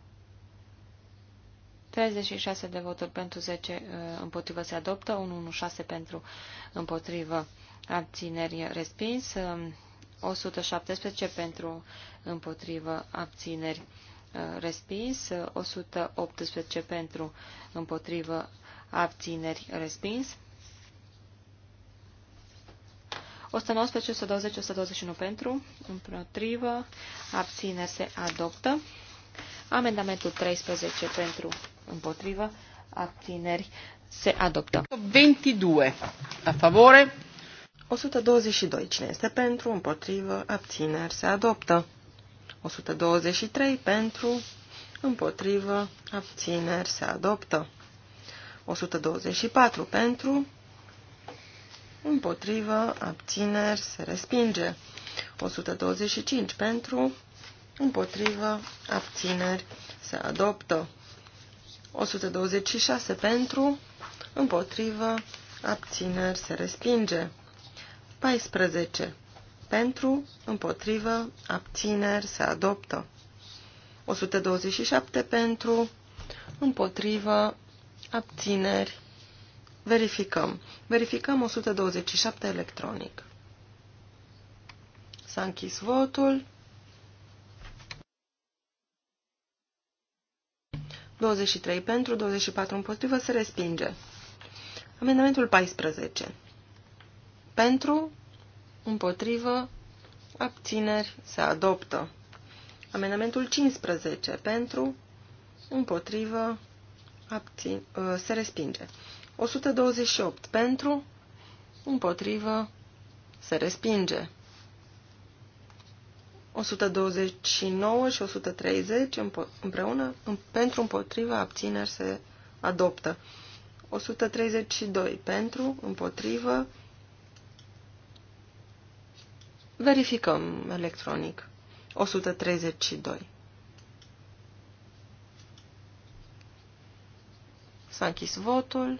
36 de voturi pentru 10 uh, împotrivă se adoptă, 116 pentru împotrivă abțineri respins, 117 um, uh, uh, pentru împotrivă abțineri respins, 118 pentru împotrivă abțineri respins, 119, 120, 121 pentru, împotrivă, abține se adoptă. Amendamentul 13 pentru, împotrivă, abțineri se adoptă. 22 a favore. 122. Cine este pentru, împotrivă, abțineri se adoptă. 123 pentru, împotrivă, abțineri se adoptă. 124 pentru, împotrivă, abțineri, se respinge. 125 pentru, împotrivă, abțineri, se adoptă. 126 pentru, împotrivă, abțineri, se respinge. 14. Pentru, împotrivă, abțineri, se adoptă. 127 pentru, împotrivă, abțineri, Verificăm. Verificăm 127 electronic. S-a închis votul. 23 pentru, 24 împotrivă, se respinge. Amendamentul 14. Pentru, împotrivă, abțineri, se adoptă. Amendamentul 15. Pentru, împotrivă, abțin, uh, se respinge. 128 pentru, împotrivă, se respinge. 129 și 130 împreună, pentru împotrivă, abțineri se adoptă. 132 pentru, împotrivă, verificăm electronic. 132. S-a închis votul.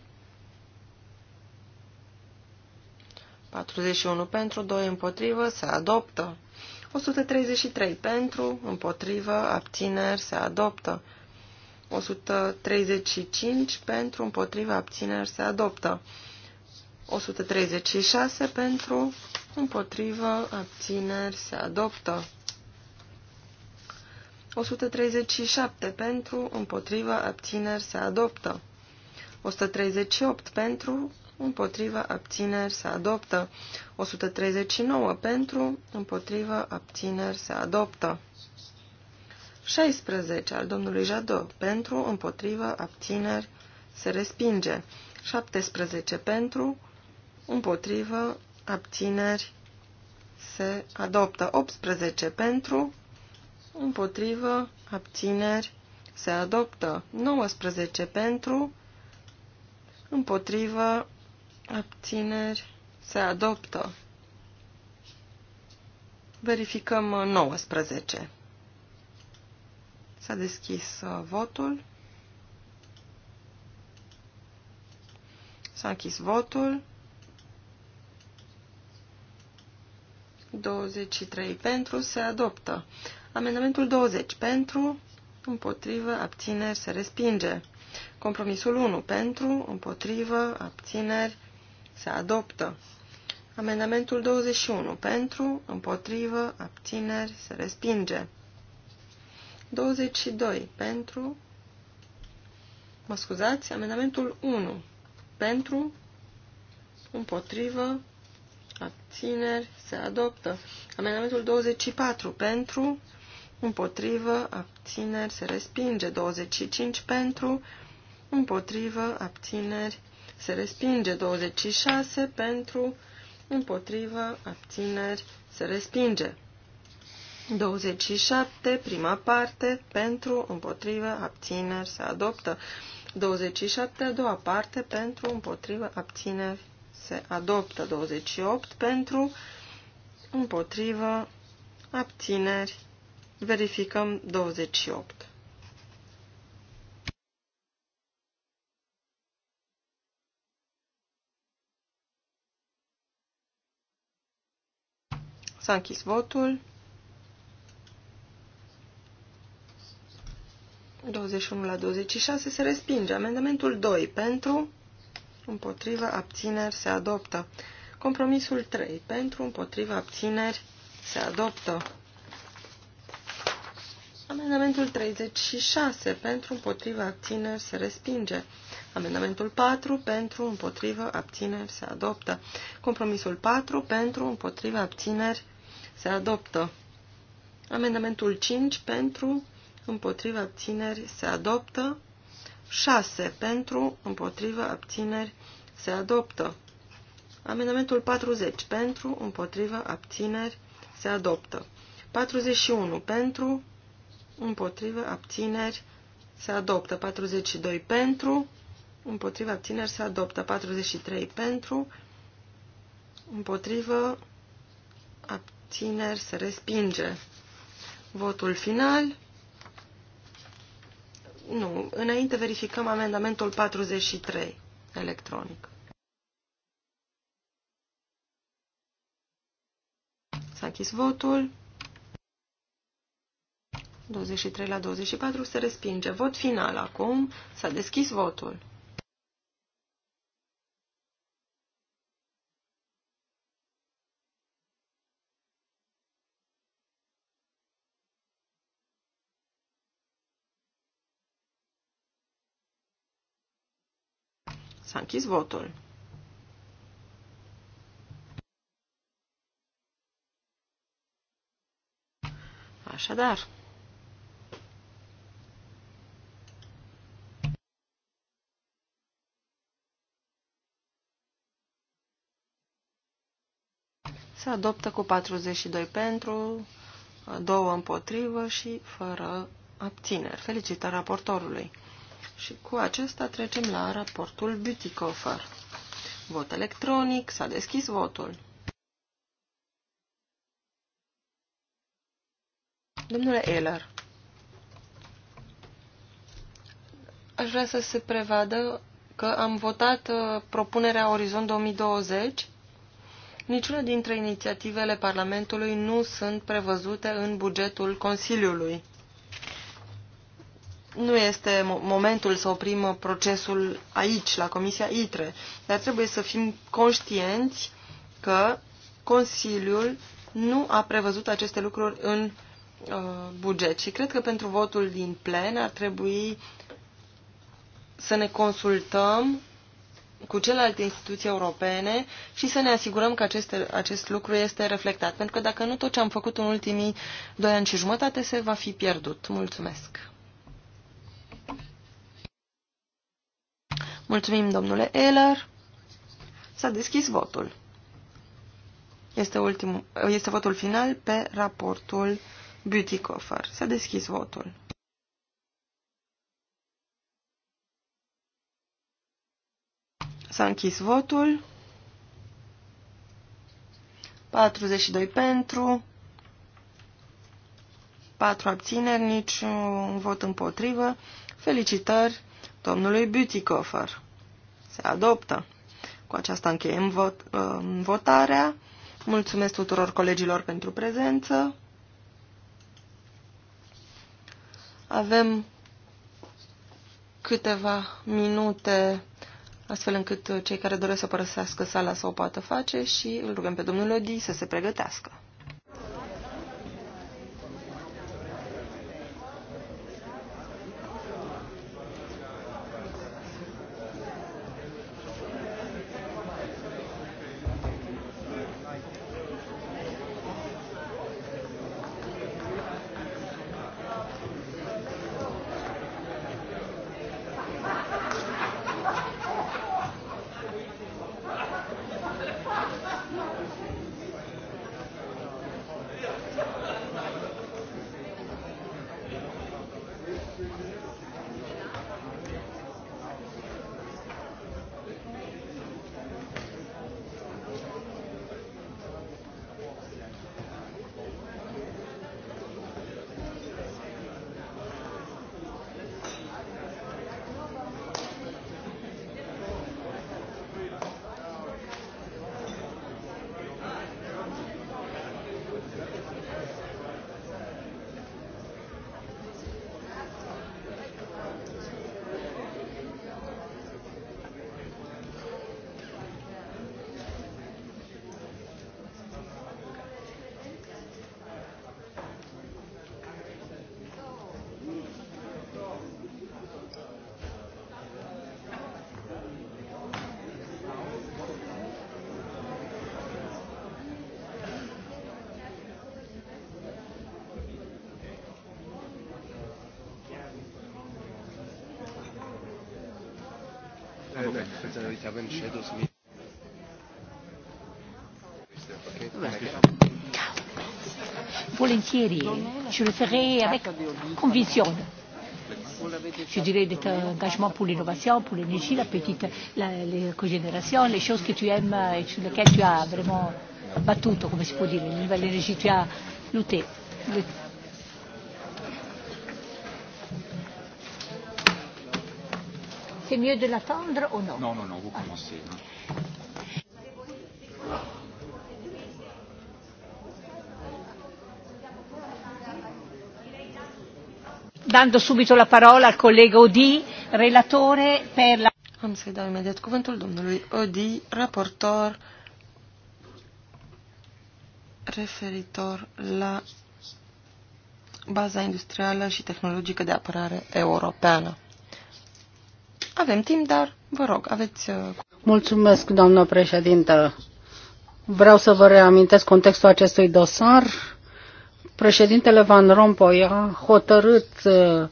41 pentru, 2 împotrivă, se adoptă. 133 pentru, împotrivă, abțineri, se adoptă. 135 pentru, împotrivă, abțineri, se adoptă. 136 pentru, împotrivă, abțineri, se adoptă. 137 pentru, împotrivă, abțineri, se adoptă. 138 pentru, împotrivă, abțineri, se adoptă. 139 pentru, împotrivă, abțineri, se adoptă. 16 al domnului Jadot, pentru, împotrivă, abțineri, se respinge. 17 pentru, împotrivă, abțineri, se adoptă. 18 pentru, împotrivă, abțineri, se adoptă. 19 pentru, împotrivă, Abțineri. Se adoptă. Verificăm 19. Uh, S-a deschis uh, votul. S-a închis votul. 23 pentru se adoptă. Amendamentul 20 pentru, împotrivă, abțineri, se respinge. Compromisul 1 pentru, împotrivă, abțineri, se adoptă. Amendamentul 21. Pentru, împotrivă, abțineri, se respinge. 22. Pentru, mă scuzați, amendamentul 1. Pentru, împotrivă, abțineri, se adoptă. Amendamentul 24. Pentru, împotrivă, abțineri, se respinge. 25. Pentru, împotrivă, abțineri, se se respinge. 26 pentru, împotrivă, abțineri, se respinge. 27, prima parte, pentru, împotrivă, abțineri, se adoptă. 27, a doua parte, pentru, împotrivă, abțineri, se adoptă. 28, pentru, împotrivă, abțineri, verificăm 28. S-a închis votul. 21 la 26 se respinge. Amendamentul 2 pentru, împotrivă, abțineri se adoptă. Compromisul 3 pentru, împotrivă, abțineri se adoptă. Amendamentul 36 pentru, împotrivă, abțineri se respinge. Amendamentul 4 pentru, împotrivă, abțineri se adoptă. Compromisul 4 pentru, împotrivă, abțineri se adoptă se adoptă. Amendamentul 5 pentru, împotriva abțineri se adoptă. 6 pentru, împotriva abțineri se adoptă. Amendamentul 40 pentru, împotriva abțineri se adoptă. 41 pentru, împotriva abțineri se adoptă. 42 pentru, împotriva abțineri se adoptă. 43 pentru, împotriva abțineri abțineri se respinge. Votul final. Nu, înainte verificăm amendamentul 43 electronic. S-a închis votul. 23 la 24 se respinge. Vot final acum. S-a deschis votul. S-a închis votul. Așadar. Se adoptă cu 42 pentru, 2 împotrivă și fără abțineri. Felicitări raportorului. Și cu acesta trecem la raportul Bütikofer. Vot electronic, s-a deschis votul. Domnule Eller, aș vrea să se prevadă că am votat uh, propunerea Orizont 2020. Niciuna dintre inițiativele Parlamentului nu sunt prevăzute în bugetul Consiliului nu este momentul să oprim procesul aici, la Comisia ITRE, dar trebuie să fim conștienți că Consiliul nu a prevăzut aceste lucruri în uh, buget. Și cred că pentru votul din plen ar trebui să ne consultăm cu celelalte instituții europene și să ne asigurăm că aceste, acest lucru este reflectat. Pentru că dacă nu, tot ce am făcut în ultimii doi ani și jumătate se va fi pierdut. Mulțumesc! Mulțumim, domnule Eller. S-a deschis votul. Este, ultimul, este votul final pe raportul Beauty Coffer. S-a deschis votul. S-a închis votul. 42 pentru, 4 abțineri, niciun un vot împotrivă. Felicitări domnului Bütikofer. Se adoptă. Cu aceasta încheiem vot, uh, votarea. Mulțumesc tuturor colegilor pentru prezență. Avem câteva minute astfel încât cei care doresc să părăsească sala să o poată face și îl rugăm pe domnul Odi să se pregătească. Okay. So shadows me. Volentieri, je le ferai avec conviction. Je dirais d'être engagement pour l'innovation, pour l'énergie, la petite, la, les cogénérations, les choses que tu aimes et sur lesquelles tu as vraiment battu, comme si peut dire, l'énergie, tu as lutté. lutté c'est mieux de l'attendre ou non Non, non, non, vous ah. commencez. Hein. Dando subito la parola al collega Odi, relatore per la... Am să-i dau imediat cuvântul domnului Odi, raportor referitor la baza industrială și tehnologică de apărare europeană. Avem timp, dar vă rog, aveți... Uh, Mulțumesc, doamnă președintă. Vreau să vă reamintesc contextul acestui dosar. Președintele Van Rompuy a hotărât uh,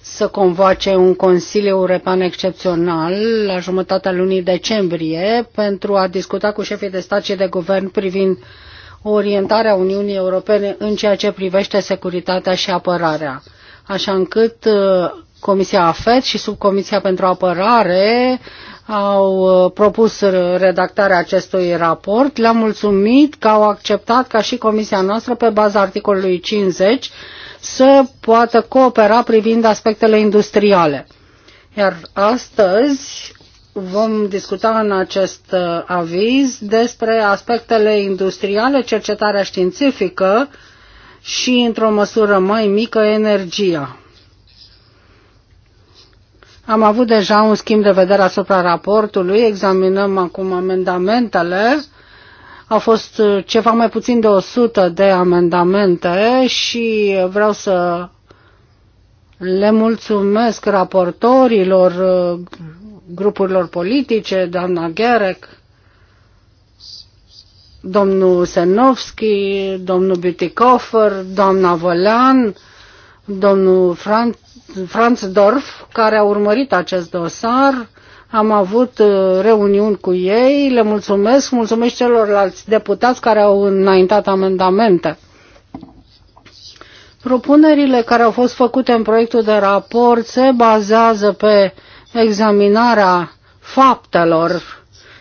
să convoace un Consiliu European excepțional la jumătatea lunii decembrie pentru a discuta cu șefii de stat și de guvern privind orientarea Uniunii Europene în ceea ce privește securitatea și apărarea, așa încât uh, Comisia AFET și Subcomisia pentru Apărare au uh, propus redactarea acestui raport. Le-am mulțumit că au acceptat ca și Comisia noastră, pe baza articolului 50, să poată coopera privind aspectele industriale. Iar astăzi vom discuta în acest uh, aviz despre aspectele industriale, cercetarea științifică și, într-o măsură mai mică, energia. Am avut deja un schimb de vedere asupra raportului, examinăm acum amendamentele. Au fost uh, ceva mai puțin de 100 de amendamente și vreau să le mulțumesc raportorilor, uh, grupurilor politice, doamna Gerec, domnul Senovski, domnul Bitikofer, doamna Volan, domnul Fran Franz Dorf, care a urmărit acest dosar. Am avut uh, reuniuni cu ei, le mulțumesc, mulțumesc celorlalți deputați care au înaintat amendamente. Propunerile care au fost făcute în proiectul de raport se bazează pe examinarea faptelor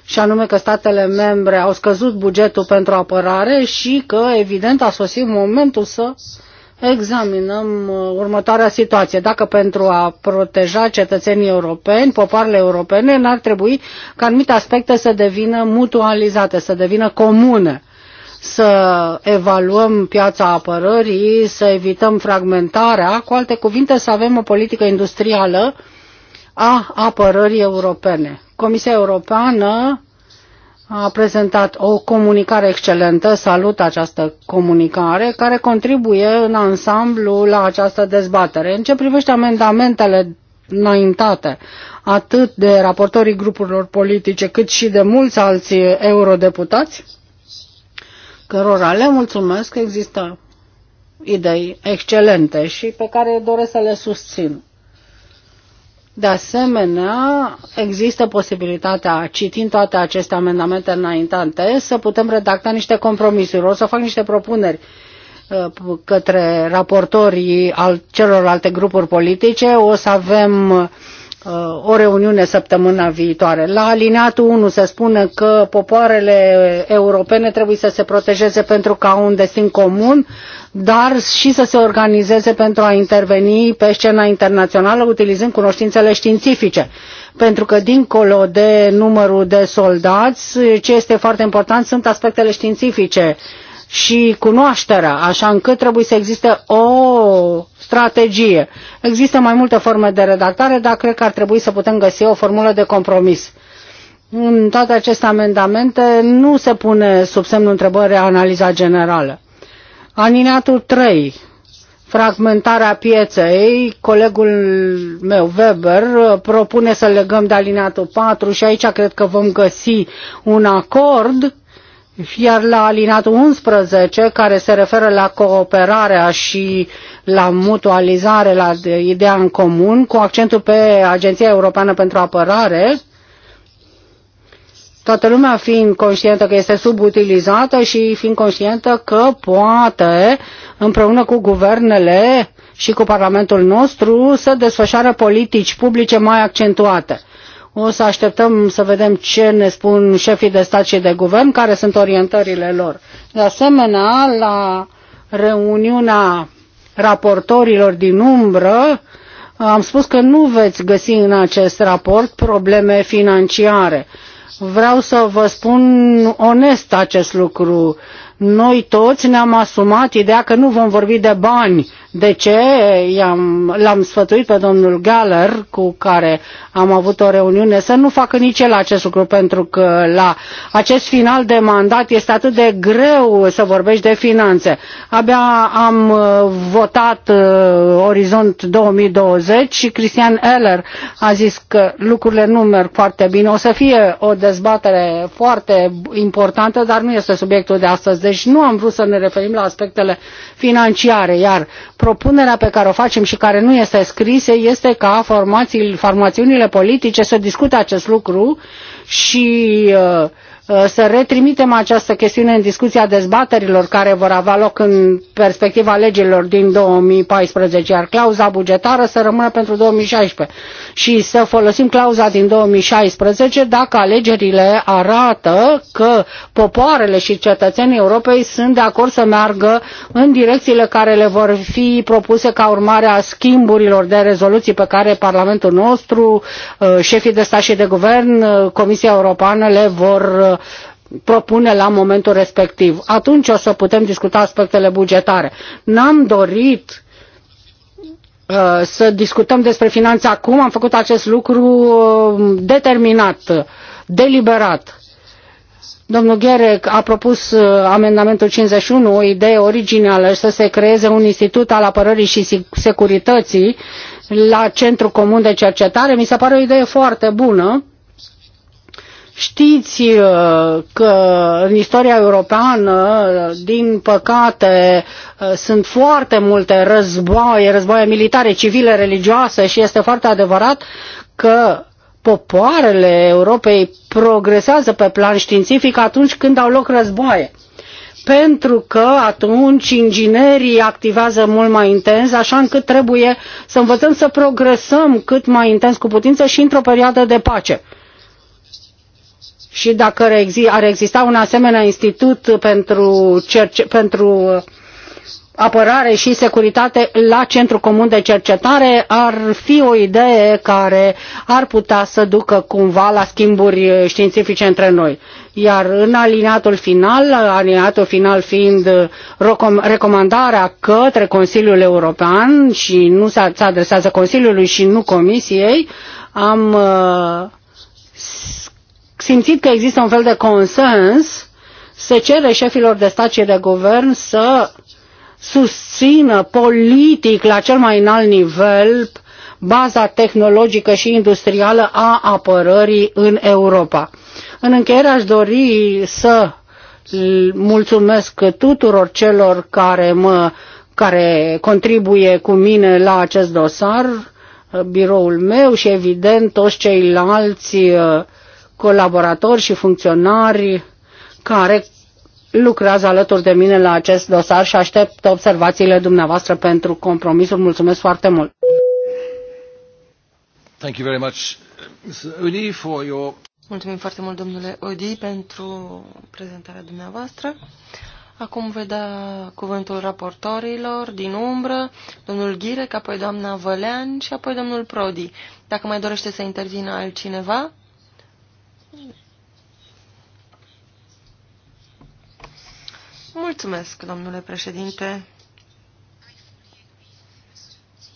și anume că statele membre au scăzut bugetul pentru apărare și că, evident, a sosit momentul să examinăm uh, următoarea situație. Dacă pentru a proteja cetățenii europeni, popoarele europene, n-ar trebui ca anumite aspecte să devină mutualizate, să devină comune să evaluăm piața apărării, să evităm fragmentarea, cu alte cuvinte să avem o politică industrială a apărării europene. Comisia Europeană a prezentat o comunicare excelentă, salut această comunicare, care contribuie în ansamblu la această dezbatere. În ce privește amendamentele înaintate, atât de raportorii grupurilor politice, cât și de mulți alți eurodeputați, cărora le mulțumesc, există idei excelente și pe care doresc să le susțin. De asemenea, există posibilitatea, citind toate aceste amendamente înaintate, să putem redacta niște compromisuri. O să fac niște propuneri uh, către raportorii al celorlalte grupuri politice. O să avem uh, Uh, o reuniune săptămâna viitoare. La alineatul 1 se spune că popoarele europene trebuie să se protejeze pentru că au un destin comun, dar și să se organizeze pentru a interveni pe scena internațională utilizând cunoștințele științifice. Pentru că dincolo de numărul de soldați, ce este foarte important sunt aspectele științifice și cunoașterea, așa încât trebuie să existe o strategie. Există mai multe forme de redactare, dar cred că ar trebui să putem găsi o formulă de compromis. În toate aceste amendamente nu se pune sub semnul întrebării analiza generală. Aninatul 3, fragmentarea pieței, colegul meu Weber propune să legăm de alineatul 4 și aici cred că vom găsi un acord iar la alinatul 11, care se referă la cooperarea și la mutualizare, la ideea în comun, cu accentul pe Agenția Europeană pentru Apărare, toată lumea fiind conștientă că este subutilizată și fiind conștientă că poate, împreună cu guvernele și cu Parlamentul nostru, să desfășoare politici publice mai accentuate. O să așteptăm să vedem ce ne spun șefii de stat și de guvern, care sunt orientările lor. De asemenea, la reuniunea raportorilor din umbră, am spus că nu veți găsi în acest raport probleme financiare. Vreau să vă spun onest acest lucru. Noi toți ne-am asumat ideea că nu vom vorbi de bani de ce i-am, l-am sfătuit pe domnul Galler, cu care am avut o reuniune, să nu facă nici el acest lucru, pentru că la acest final de mandat este atât de greu să vorbești de finanțe. Abia am uh, votat uh, Orizont 2020 și Cristian Eller a zis că lucrurile nu merg foarte bine. O să fie o dezbatere foarte importantă, dar nu este subiectul de astăzi. Deci nu am vrut să ne referim la aspectele financiare, iar propunerea pe care o facem și care nu este scrisă este ca formațiunile politice să discute acest lucru și uh, Uh, să retrimitem această chestiune în discuția dezbaterilor care vor avea loc în perspectiva alegerilor din 2014, iar clauza bugetară să rămână pentru 2016 și să folosim clauza din 2016 dacă alegerile arată că popoarele și cetățenii Europei sunt de acord să meargă în direcțiile care le vor fi propuse ca urmare a schimburilor de rezoluții pe care Parlamentul nostru, uh, șefii de stat și de guvern, uh, Comisia Europeană le vor propune la momentul respectiv. Atunci o să putem discuta aspectele bugetare. N-am dorit uh, să discutăm despre finanțe acum, am făcut acest lucru uh, determinat, deliberat. Domnul Gherec a propus uh, amendamentul 51, o idee originală, să se creeze un institut al apărării și securității la Centrul Comun de Cercetare. Mi se pare o idee foarte bună Știți uh, că în istoria europeană, din păcate, uh, sunt foarte multe războaie, războaie militare, civile, religioase și este foarte adevărat că popoarele Europei progresează pe plan științific atunci când au loc războaie. Pentru că atunci inginerii activează mult mai intens, așa încât trebuie să învățăm să progresăm cât mai intens cu putință și într-o perioadă de pace și dacă ar exista un asemenea institut pentru, cerce, pentru apărare și securitate la Centrul Comun de Cercetare ar fi o idee care ar putea să ducă cumva la schimburi științifice între noi. Iar în aliniatul final, aliniatul final fiind recomandarea către Consiliul European și nu se adresează Consiliului și nu Comisiei, am uh, simțit că există un fel de consens, se cere șefilor de stat și de guvern să susțină politic la cel mai înalt nivel baza tehnologică și industrială a apărării în Europa. În încheiere aș dori să mulțumesc tuturor celor care, mă, care contribuie cu mine la acest dosar, biroul meu și evident toți ceilalți colaboratori și funcționari care lucrează alături de mine la acest dosar și aștept observațiile dumneavoastră pentru compromisul. Mulțumesc foarte mult! Thank you very much, Udi, for your... Mulțumim foarte mult, domnule Odi, pentru prezentarea dumneavoastră. Acum voi da cuvântul raportorilor din umbră, domnul Ghirec, apoi doamna Vălean și apoi domnul Prodi. Dacă mai dorește să intervină altcineva, Mulțumesc, domnule președinte.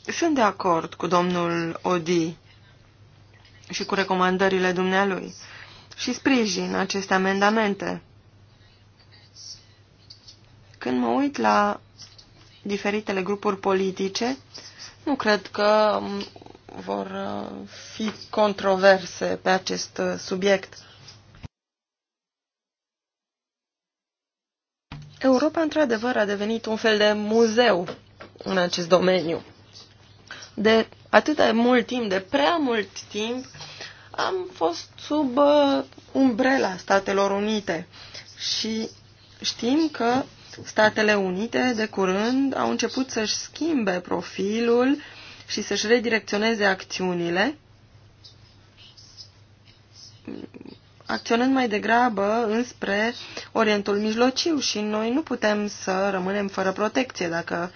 Sunt de acord cu domnul Odi și cu recomandările dumnealui și sprijin aceste amendamente. Când mă uit la diferitele grupuri politice, nu cred că vor fi controverse pe acest subiect. Europa, într-adevăr, a devenit un fel de muzeu în acest domeniu. De atât de mult timp, de prea mult timp, am fost sub uh, umbrela Statelor Unite și știm că Statele Unite de curând au început să-și schimbe profilul și să-și redirecționeze acțiunile acționând mai degrabă înspre Orientul Mijlociu și noi nu putem să rămânem fără protecție dacă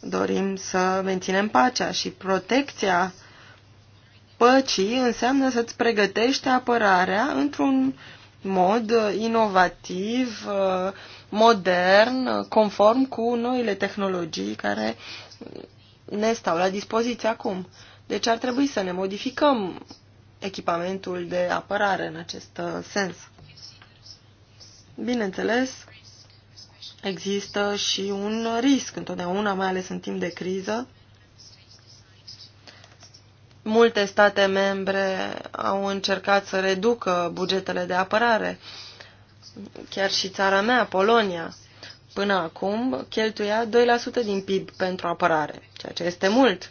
dorim să menținem pacea și protecția păcii înseamnă să-ți pregătești apărarea într-un mod inovativ, modern, conform cu noile tehnologii care ne stau la dispoziție acum. Deci ar trebui să ne modificăm echipamentul de apărare în acest uh, sens. Bineînțeles, există și un risc întotdeauna, mai ales în timp de criză. Multe state membre au încercat să reducă bugetele de apărare. Chiar și țara mea, Polonia, până acum cheltuia 2% din PIB pentru apărare, ceea ce este mult.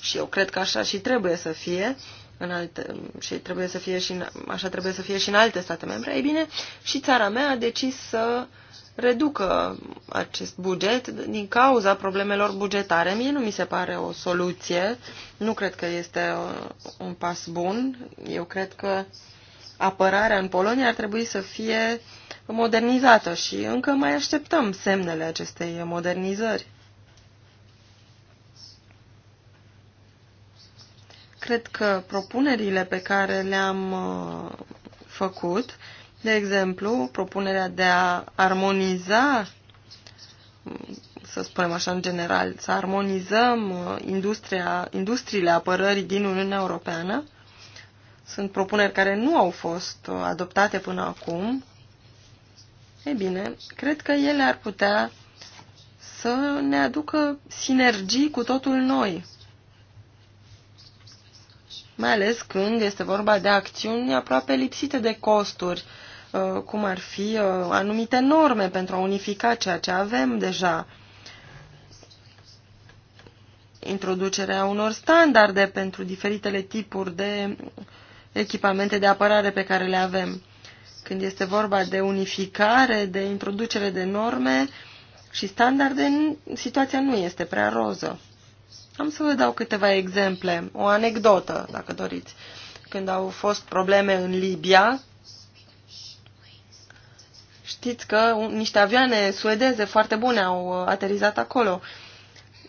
Și eu cred că așa și trebuie să fie, în alte, și trebuie să fie și în, așa trebuie să fie și în alte state membre, ei bine, și țara mea a decis să reducă acest buget din cauza problemelor bugetare. Mie nu mi se pare o soluție, nu cred că este uh, un pas bun. Eu cred că apărarea în Polonia ar trebui să fie modernizată și încă mai așteptăm semnele acestei modernizări. Cred că propunerile pe care le-am uh, făcut, de exemplu, propunerea de a armoniza, să spunem așa în general, să armonizăm uh, industria, industriile apărării din Uniunea Europeană, sunt propuneri care nu au fost uh, adoptate până acum, e bine, cred că ele ar putea să ne aducă sinergii cu totul noi mai ales când este vorba de acțiuni aproape lipsite de costuri, uh, cum ar fi uh, anumite norme pentru a unifica ceea ce avem deja, introducerea unor standarde pentru diferitele tipuri de echipamente de apărare pe care le avem. Când este vorba de unificare, de introducere de norme și standarde, situația nu este prea roză. Am să vă dau câteva exemple, o anecdotă, dacă doriți. Când au fost probleme în Libia, știți că niște avioane suedeze foarte bune au uh, aterizat acolo.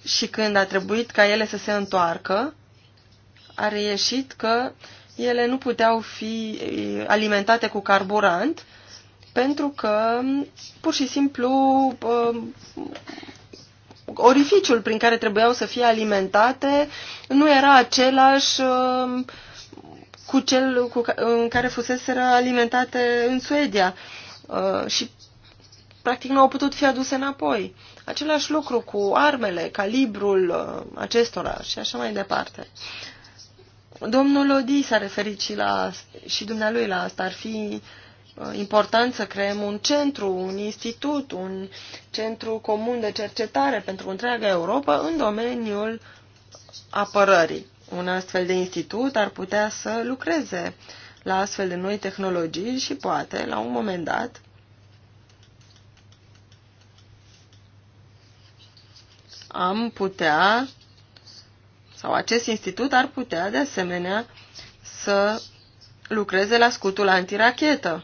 Și când a trebuit ca ele să se întoarcă, a reieșit că ele nu puteau fi uh, alimentate cu carburant pentru că um, pur și simplu um, orificiul prin care trebuiau să fie alimentate nu era același um, cu cel cu, în care fuseseră alimentate în Suedia uh, și practic nu au putut fi aduse înapoi. Același lucru cu armele, calibrul uh, acestora și așa mai departe. Domnul Odi s-a referit și, la, și dumnealui la asta. Ar fi uh, Uh, important să creăm un centru, un institut, un centru comun de cercetare pentru întreaga Europa în domeniul apărării. Un astfel de institut ar putea să lucreze la astfel de noi tehnologii și poate, la un moment dat, am putea, sau acest institut ar putea, de asemenea, să lucreze la scutul antirachetă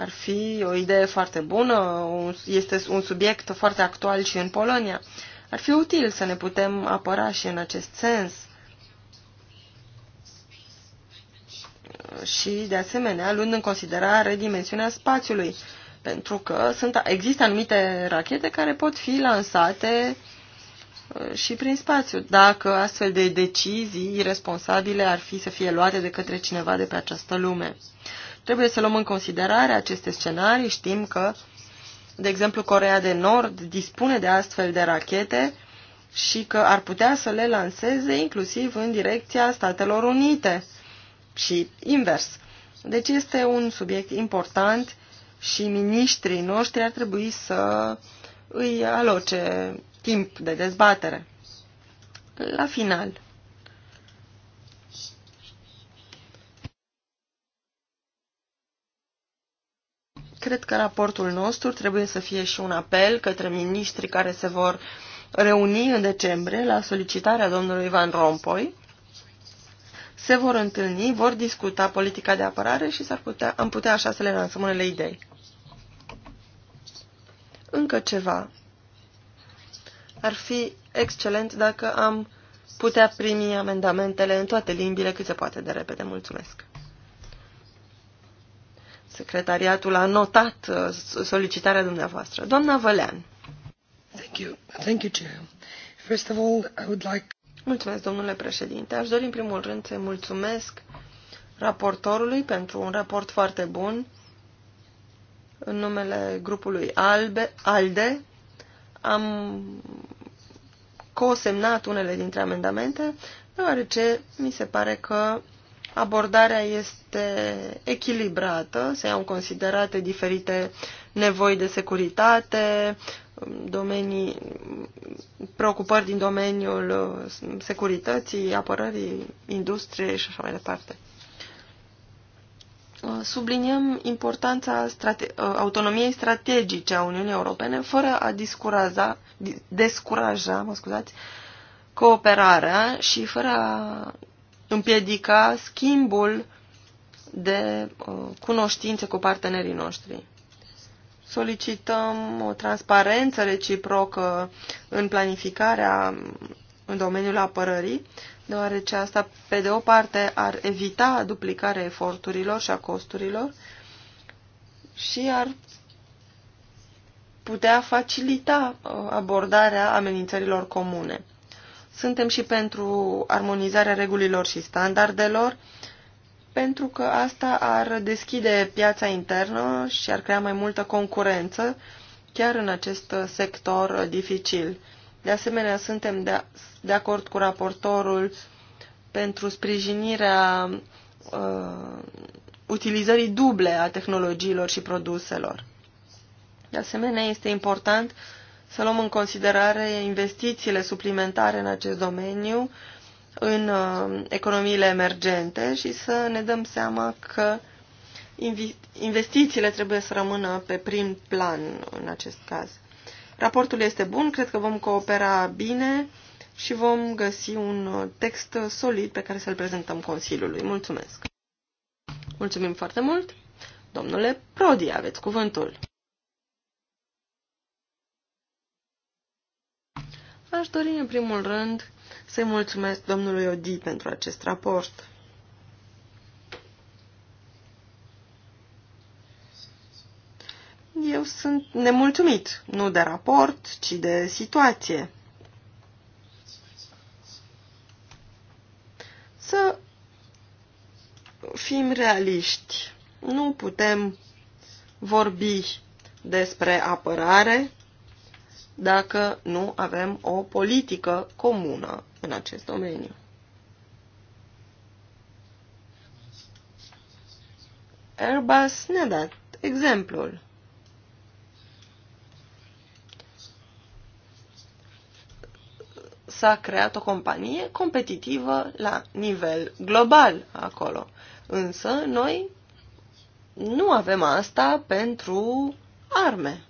ar fi o idee foarte bună, este un subiect foarte actual și în Polonia. Ar fi util să ne putem apăra și în acest sens. Și, de asemenea, luând în considerare dimensiunea spațiului, pentru că sunt, există anumite rachete care pot fi lansate uh, și prin spațiu, dacă astfel de decizii irresponsabile ar fi să fie luate de către cineva de pe această lume. Trebuie să luăm în considerare aceste scenarii. Știm că, de exemplu, Corea de Nord dispune de astfel de rachete și că ar putea să le lanseze inclusiv în direcția Statelor Unite și invers. Deci este un subiect important și miniștrii noștri ar trebui să îi aloce timp de dezbatere. La final, Cred că raportul nostru trebuie să fie și un apel către miniștrii care se vor reuni în decembrie la solicitarea domnului Van Rompuy. Se vor întâlni, vor discuta politica de apărare și s-ar putea, am putea așa să le lansăm unele idei. Încă ceva. Ar fi excelent dacă am putea primi amendamentele în toate limbile cât se poate de repede. Mulțumesc! Secretariatul a notat uh, solicitarea dumneavoastră. Doamna Vălean. Thank you. Thank you, Chair. First of all, I would like... Mulțumesc, domnule președinte. Aș dori, în primul rând, să mulțumesc raportorului pentru un raport foarte bun în numele grupului Albe, ALDE. Am cosemnat unele dintre amendamente, deoarece mi se pare că abordarea este echilibrată, se iau în considerate diferite nevoi de securitate, domenii, preocupări din domeniul uh, securității, apărării, industriei și așa mai departe. Uh, subliniem importanța strate uh, autonomiei strategice a Uniunii Europene fără a descuraja, descuraja mă scuzați, cooperarea și fără a împiedica schimbul de uh, cunoștințe cu partenerii noștri. Solicităm o transparență reciprocă în planificarea în domeniul apărării, deoarece asta, pe de o parte, ar evita duplicarea eforturilor și a costurilor și ar putea facilita uh, abordarea amenințărilor comune. Suntem și pentru armonizarea regulilor și standardelor, pentru că asta ar deschide piața internă și ar crea mai multă concurență chiar în acest sector dificil. De asemenea, suntem de, de acord cu raportorul pentru sprijinirea uh, utilizării duble a tehnologiilor și produselor. De asemenea, este important uh, să luăm în considerare investițiile suplimentare în acest domeniu în uh, economiile emergente și să ne dăm seama că investițiile trebuie să rămână pe prim plan în acest caz. Raportul este bun, cred că vom coopera bine și vom găsi un text solid pe care să-l prezentăm Consiliului. Mulțumesc! Mulțumim foarte mult! Domnule Prodi, aveți cuvântul. Aș dori în primul rând să-i mulțumesc domnului Odi pentru acest raport. Eu sunt nemulțumit, nu de raport, ci de situație. Să fim realiști. Nu putem vorbi despre apărare dacă nu avem o politică comună în acest domeniu. Airbus ne-a dat exemplul. S-a creat o companie competitivă la nivel global acolo. Însă noi nu avem asta pentru arme.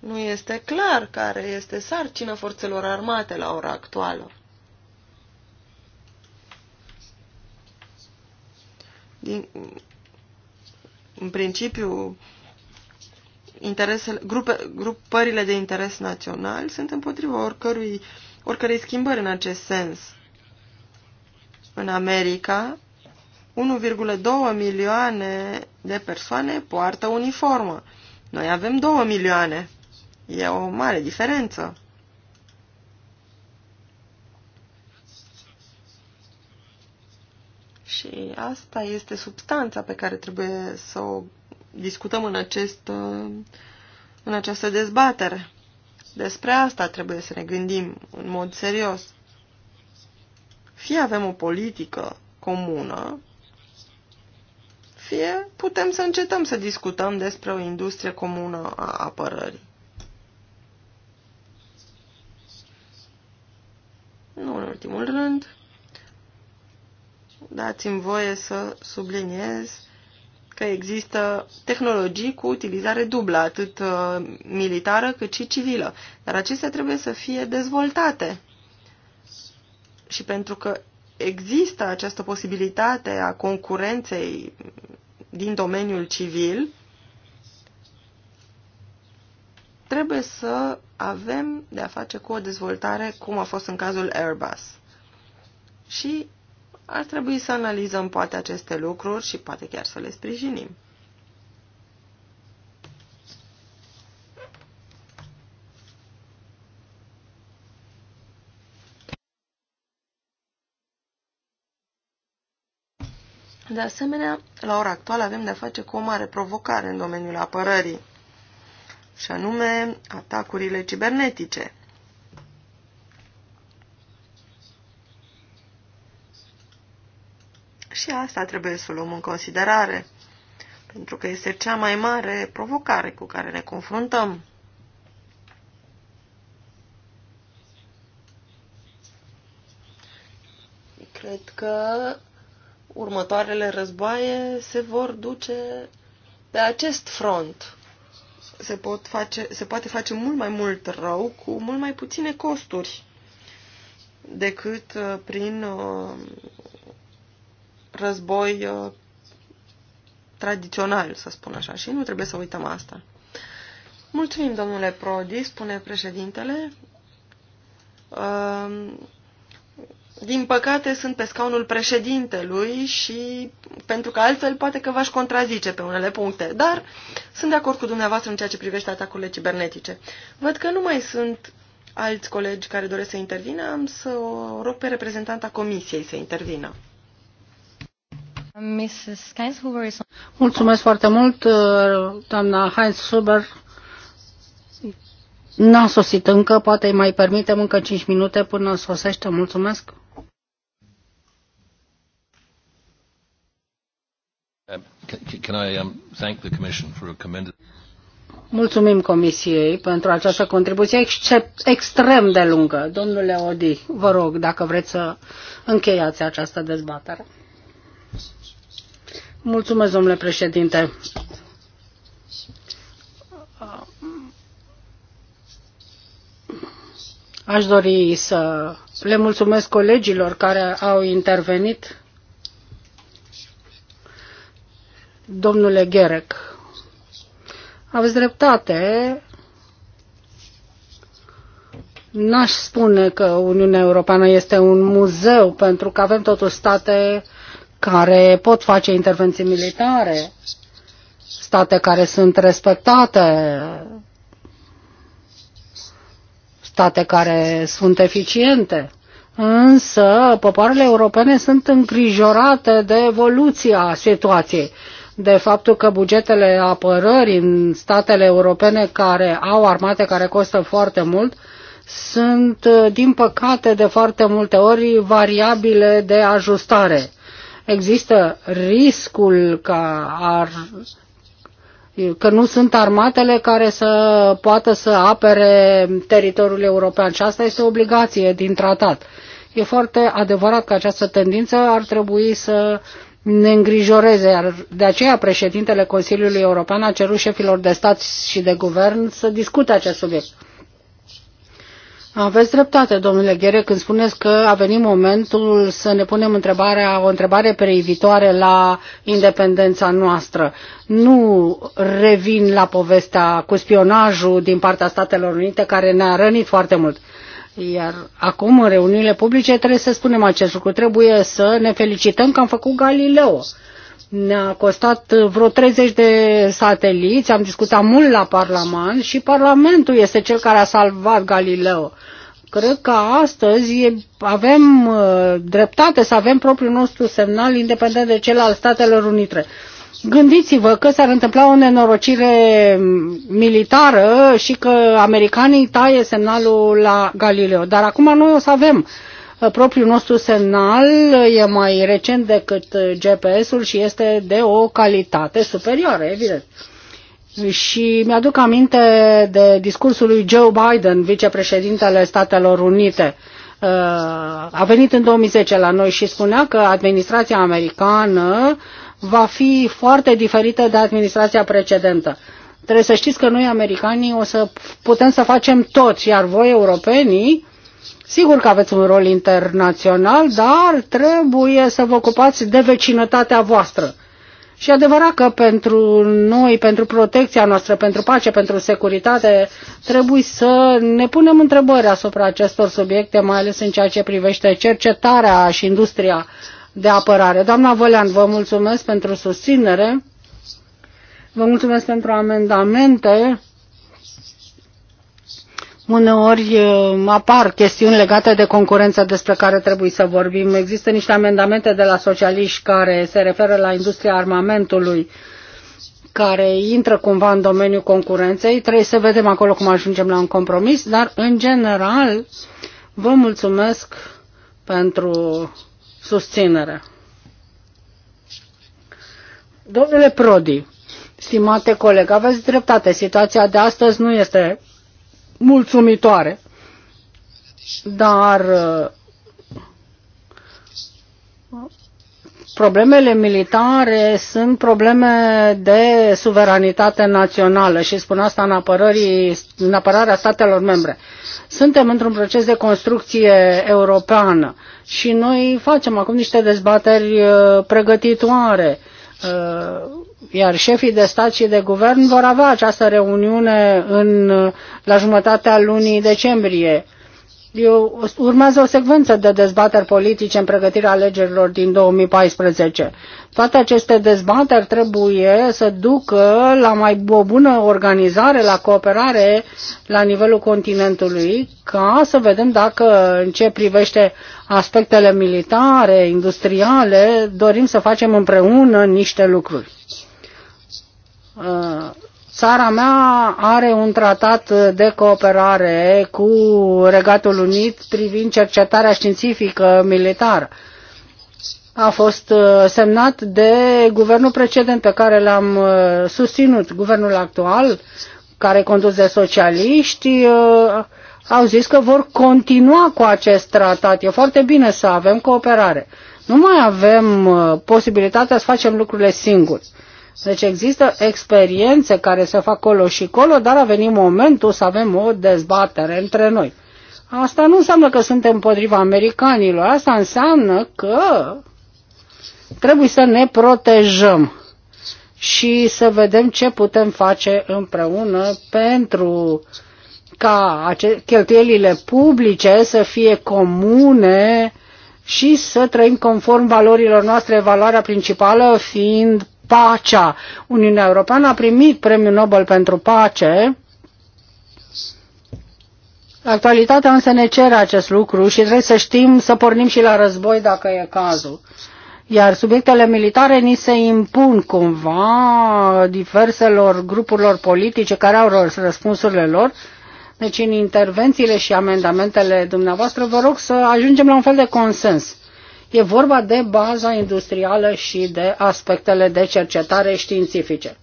Nu este clar care este sarcina forțelor armate la ora actuală. Din, în principiu, grupe, grupările de interes național sunt împotriva oricărui, oricărei schimbări în acest sens. În America, 1,2 milioane de persoane poartă uniformă. Noi avem 2 milioane. E o mare diferență. Și asta este substanța pe care trebuie să o discutăm în, acest, în această dezbatere. Despre asta trebuie să ne gândim în mod serios. Fie avem o politică comună, fie putem să încetăm să discutăm despre o industrie comună a apărării. Nu în ultimul rând, dați-mi voie să subliniez că există tehnologii cu utilizare dublă, atât uh, militară cât și civilă. Dar acestea trebuie să fie dezvoltate. Și pentru că există această posibilitate a concurenței din domeniul civil, trebuie să avem de a face cu o dezvoltare cum a fost în cazul Airbus. Și ar trebui să analizăm poate aceste lucruri și poate chiar să le sprijinim. De asemenea, la ora actuală avem de-a face cu o mare provocare în domeniul apărării și anume atacurile cibernetice. Și asta trebuie să o luăm în considerare, pentru că este cea mai mare provocare cu care ne confruntăm. Cred că următoarele războaie se vor duce pe acest front se, pot face, se poate face mult mai mult rău cu mult mai puține costuri decât uh, prin uh, război uh, tradițional, să spun așa, și nu trebuie să uităm asta. Mulțumim, domnule Prodi, spune președintele din păcate, sunt pe scaunul președintelui și pentru că altfel poate că v-aș contrazice pe unele puncte, dar sunt de acord cu dumneavoastră în ceea ce privește atacurile cibernetice. Văd că nu mai sunt alți colegi care doresc să intervină, am să o rog pe reprezentanta comisiei să intervină. Mulțumesc foarte mult, uh, doamna Heinz Huber. N-a sosit încă, poate îi mai permitem încă 5 minute până sosește. Mulțumesc. Um, can I um, thank the Commission for a Mulțumim Comisiei pentru această contribuție except, extrem de lungă. Domnule Odi, vă rog, dacă vreți să încheiați această dezbatere. Mulțumesc, domnule președinte. Aș dori să le mulțumesc colegilor care au intervenit Domnule Gerec, aveți dreptate. N-aș spune că Uniunea Europeană este un muzeu, pentru că avem totuși state care pot face intervenții militare, state care sunt respectate, state care sunt eficiente. Însă, popoarele europene sunt îngrijorate de evoluția situației de faptul că bugetele apărării în statele europene care au armate care costă foarte mult sunt, uh, din păcate, de foarte multe ori variabile de ajustare. Există riscul ca ar, că nu sunt armatele care să poată să apere teritoriul european și asta este o obligație din tratat. E foarte adevărat că această tendință ar trebui să ne îngrijoreze. De aceea președintele Consiliului European a cerut șefilor de stat și de guvern să discute acest subiect. Aveți dreptate, domnule Ghere, când spuneți că a venit momentul să ne punem întrebarea, o întrebare privitoare la independența noastră. Nu revin la povestea cu spionajul din partea Statelor Unite care ne-a rănit foarte mult. Iar acum, în reuniunile publice, trebuie să spunem acest lucru. Trebuie să ne felicităm că am făcut Galileo. Ne-a costat vreo 30 de sateliți, am discutat mult la Parlament și Parlamentul este cel care a salvat Galileo. Cred că astăzi avem uh, dreptate să avem propriul nostru semnal independent de cel al Statelor Unite. Gândiți-vă că s-ar întâmpla o nenorocire militară și că americanii taie semnalul la Galileo. Dar acum noi o să avem propriul nostru semnal, e mai recent decât GPS-ul și este de o calitate superioară, evident. Și mi-aduc aminte de discursul lui Joe Biden, vicepreședintele Statelor Unite. Uh, a venit în 2010 la noi și spunea că administrația americană va fi foarte diferită de administrația precedentă. Trebuie să știți că noi, americanii, o să putem să facem tot, iar voi, europenii, sigur că aveți un rol internațional, dar trebuie să vă ocupați de vecinătatea voastră. Și adevărat că pentru noi, pentru protecția noastră, pentru pace, pentru securitate, trebuie să ne punem întrebări asupra acestor subiecte, mai ales în ceea ce privește cercetarea și industria de apărare. Doamna Vălean, vă mulțumesc pentru susținere, vă mulțumesc pentru amendamente. Uneori apar chestiuni legate de concurență despre care trebuie să vorbim. Există niște amendamente de la socialiști care se referă la industria armamentului care intră cumva în domeniul concurenței. Trebuie să vedem acolo cum ajungem la un compromis, dar în general vă mulțumesc pentru susținere. Domnule Prodi, stimate coleg, aveți dreptate, situația de astăzi nu este mulțumitoare, dar problemele militare sunt probleme de suveranitate națională și spun asta în, apărării, în apărarea statelor membre. Suntem într-un proces de construcție europeană și noi facem acum niște dezbateri uh, pregătitoare uh, iar șefii de stat și de guvern vor avea această reuniune în, uh, la jumătatea lunii decembrie urmează o secvență de dezbateri politice în pregătirea alegerilor din 2014. Toate aceste dezbateri trebuie să ducă la mai o bună organizare, la cooperare la nivelul continentului, ca să vedem dacă în ce privește aspectele militare, industriale, dorim să facem împreună niște lucruri. Uh Țara mea are un tratat de cooperare cu Regatul Unit privind cercetarea științifică militară. A fost uh, semnat de guvernul precedent pe care l-am uh, susținut, guvernul actual, care condus de socialiști, uh, au zis că vor continua cu acest tratat. E foarte bine să avem cooperare. Nu mai avem posibilitatea să facem lucrurile singuri. Deci există experiențe care se fac colo și colo, dar a venit momentul să avem o dezbatere între noi. Asta nu înseamnă că suntem împotriva americanilor, asta înseamnă că trebuie să ne protejăm și să vedem ce putem face împreună pentru ca cheltuielile publice să fie comune și să trăim conform valorilor noastre, valoarea principală fiind pacea. Uniunea Europeană a primit premiul Nobel pentru pace. Actualitatea însă ne cere acest lucru și trebuie să știm să pornim și la război dacă e cazul. Iar subiectele militare ni se impun cumva diverselor grupurilor politice care au răspunsurile lor. Deci în intervențiile și amendamentele dumneavoastră vă rog să ajungem la un fel de consens. E vorba de baza industrială și de aspectele de cercetare științifice.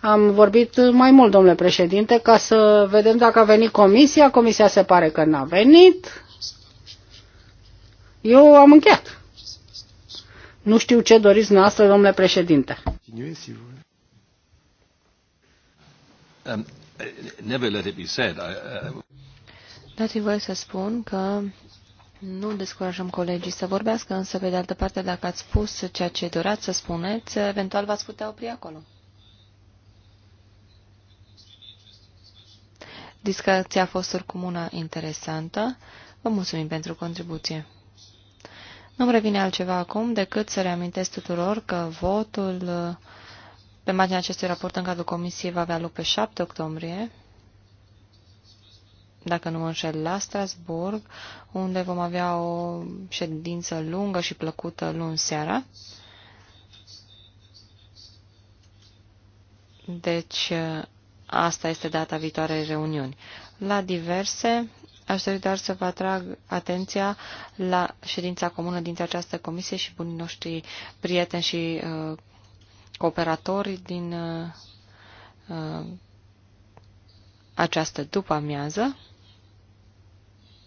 Am vorbit mai mult, domnule președinte, ca să vedem dacă a venit comisia. Comisia se pare că n-a venit. Eu am încheiat. Nu știu ce doriți noastră, domnule președinte. Um, uh, dați vă să spun că nu descurajăm colegii să vorbească, însă, pe de altă parte, dacă ați spus ceea ce doreați să spuneți, eventual v-ați putea opri acolo. Discuția a fost oricum una interesantă. Vă mulțumim pentru contribuție. Nu-mi revine altceva acum decât să reamintesc tuturor că votul pe marginea acestui raport în cadrul comisiei va avea loc pe 7 octombrie, dacă nu mă înșel, la Strasburg, unde vom avea o ședință lungă și plăcută luni seara. Deci, asta este data viitoarei reuniuni. La diverse, aș dori doar să vă atrag atenția la ședința comună dintre această comisie și bunii noștri prieteni și uh, cooperatori din uh, uh, această după amiază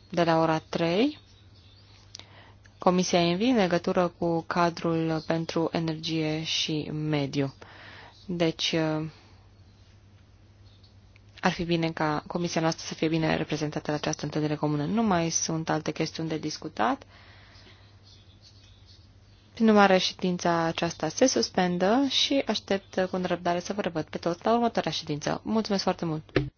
de la ora 3, Comisia ENVI în legătură cu cadrul pentru energie și mediu. Deci, uh, ar fi bine ca comisia noastră să fie bine reprezentată la această întâlnire comună. Nu mai sunt alte chestiuni de discutat. Prin urmare, ședința aceasta se suspendă și aștept cu nerăbdare să vă revăd pe toți la următoarea ședință. Mulțumesc foarte mult!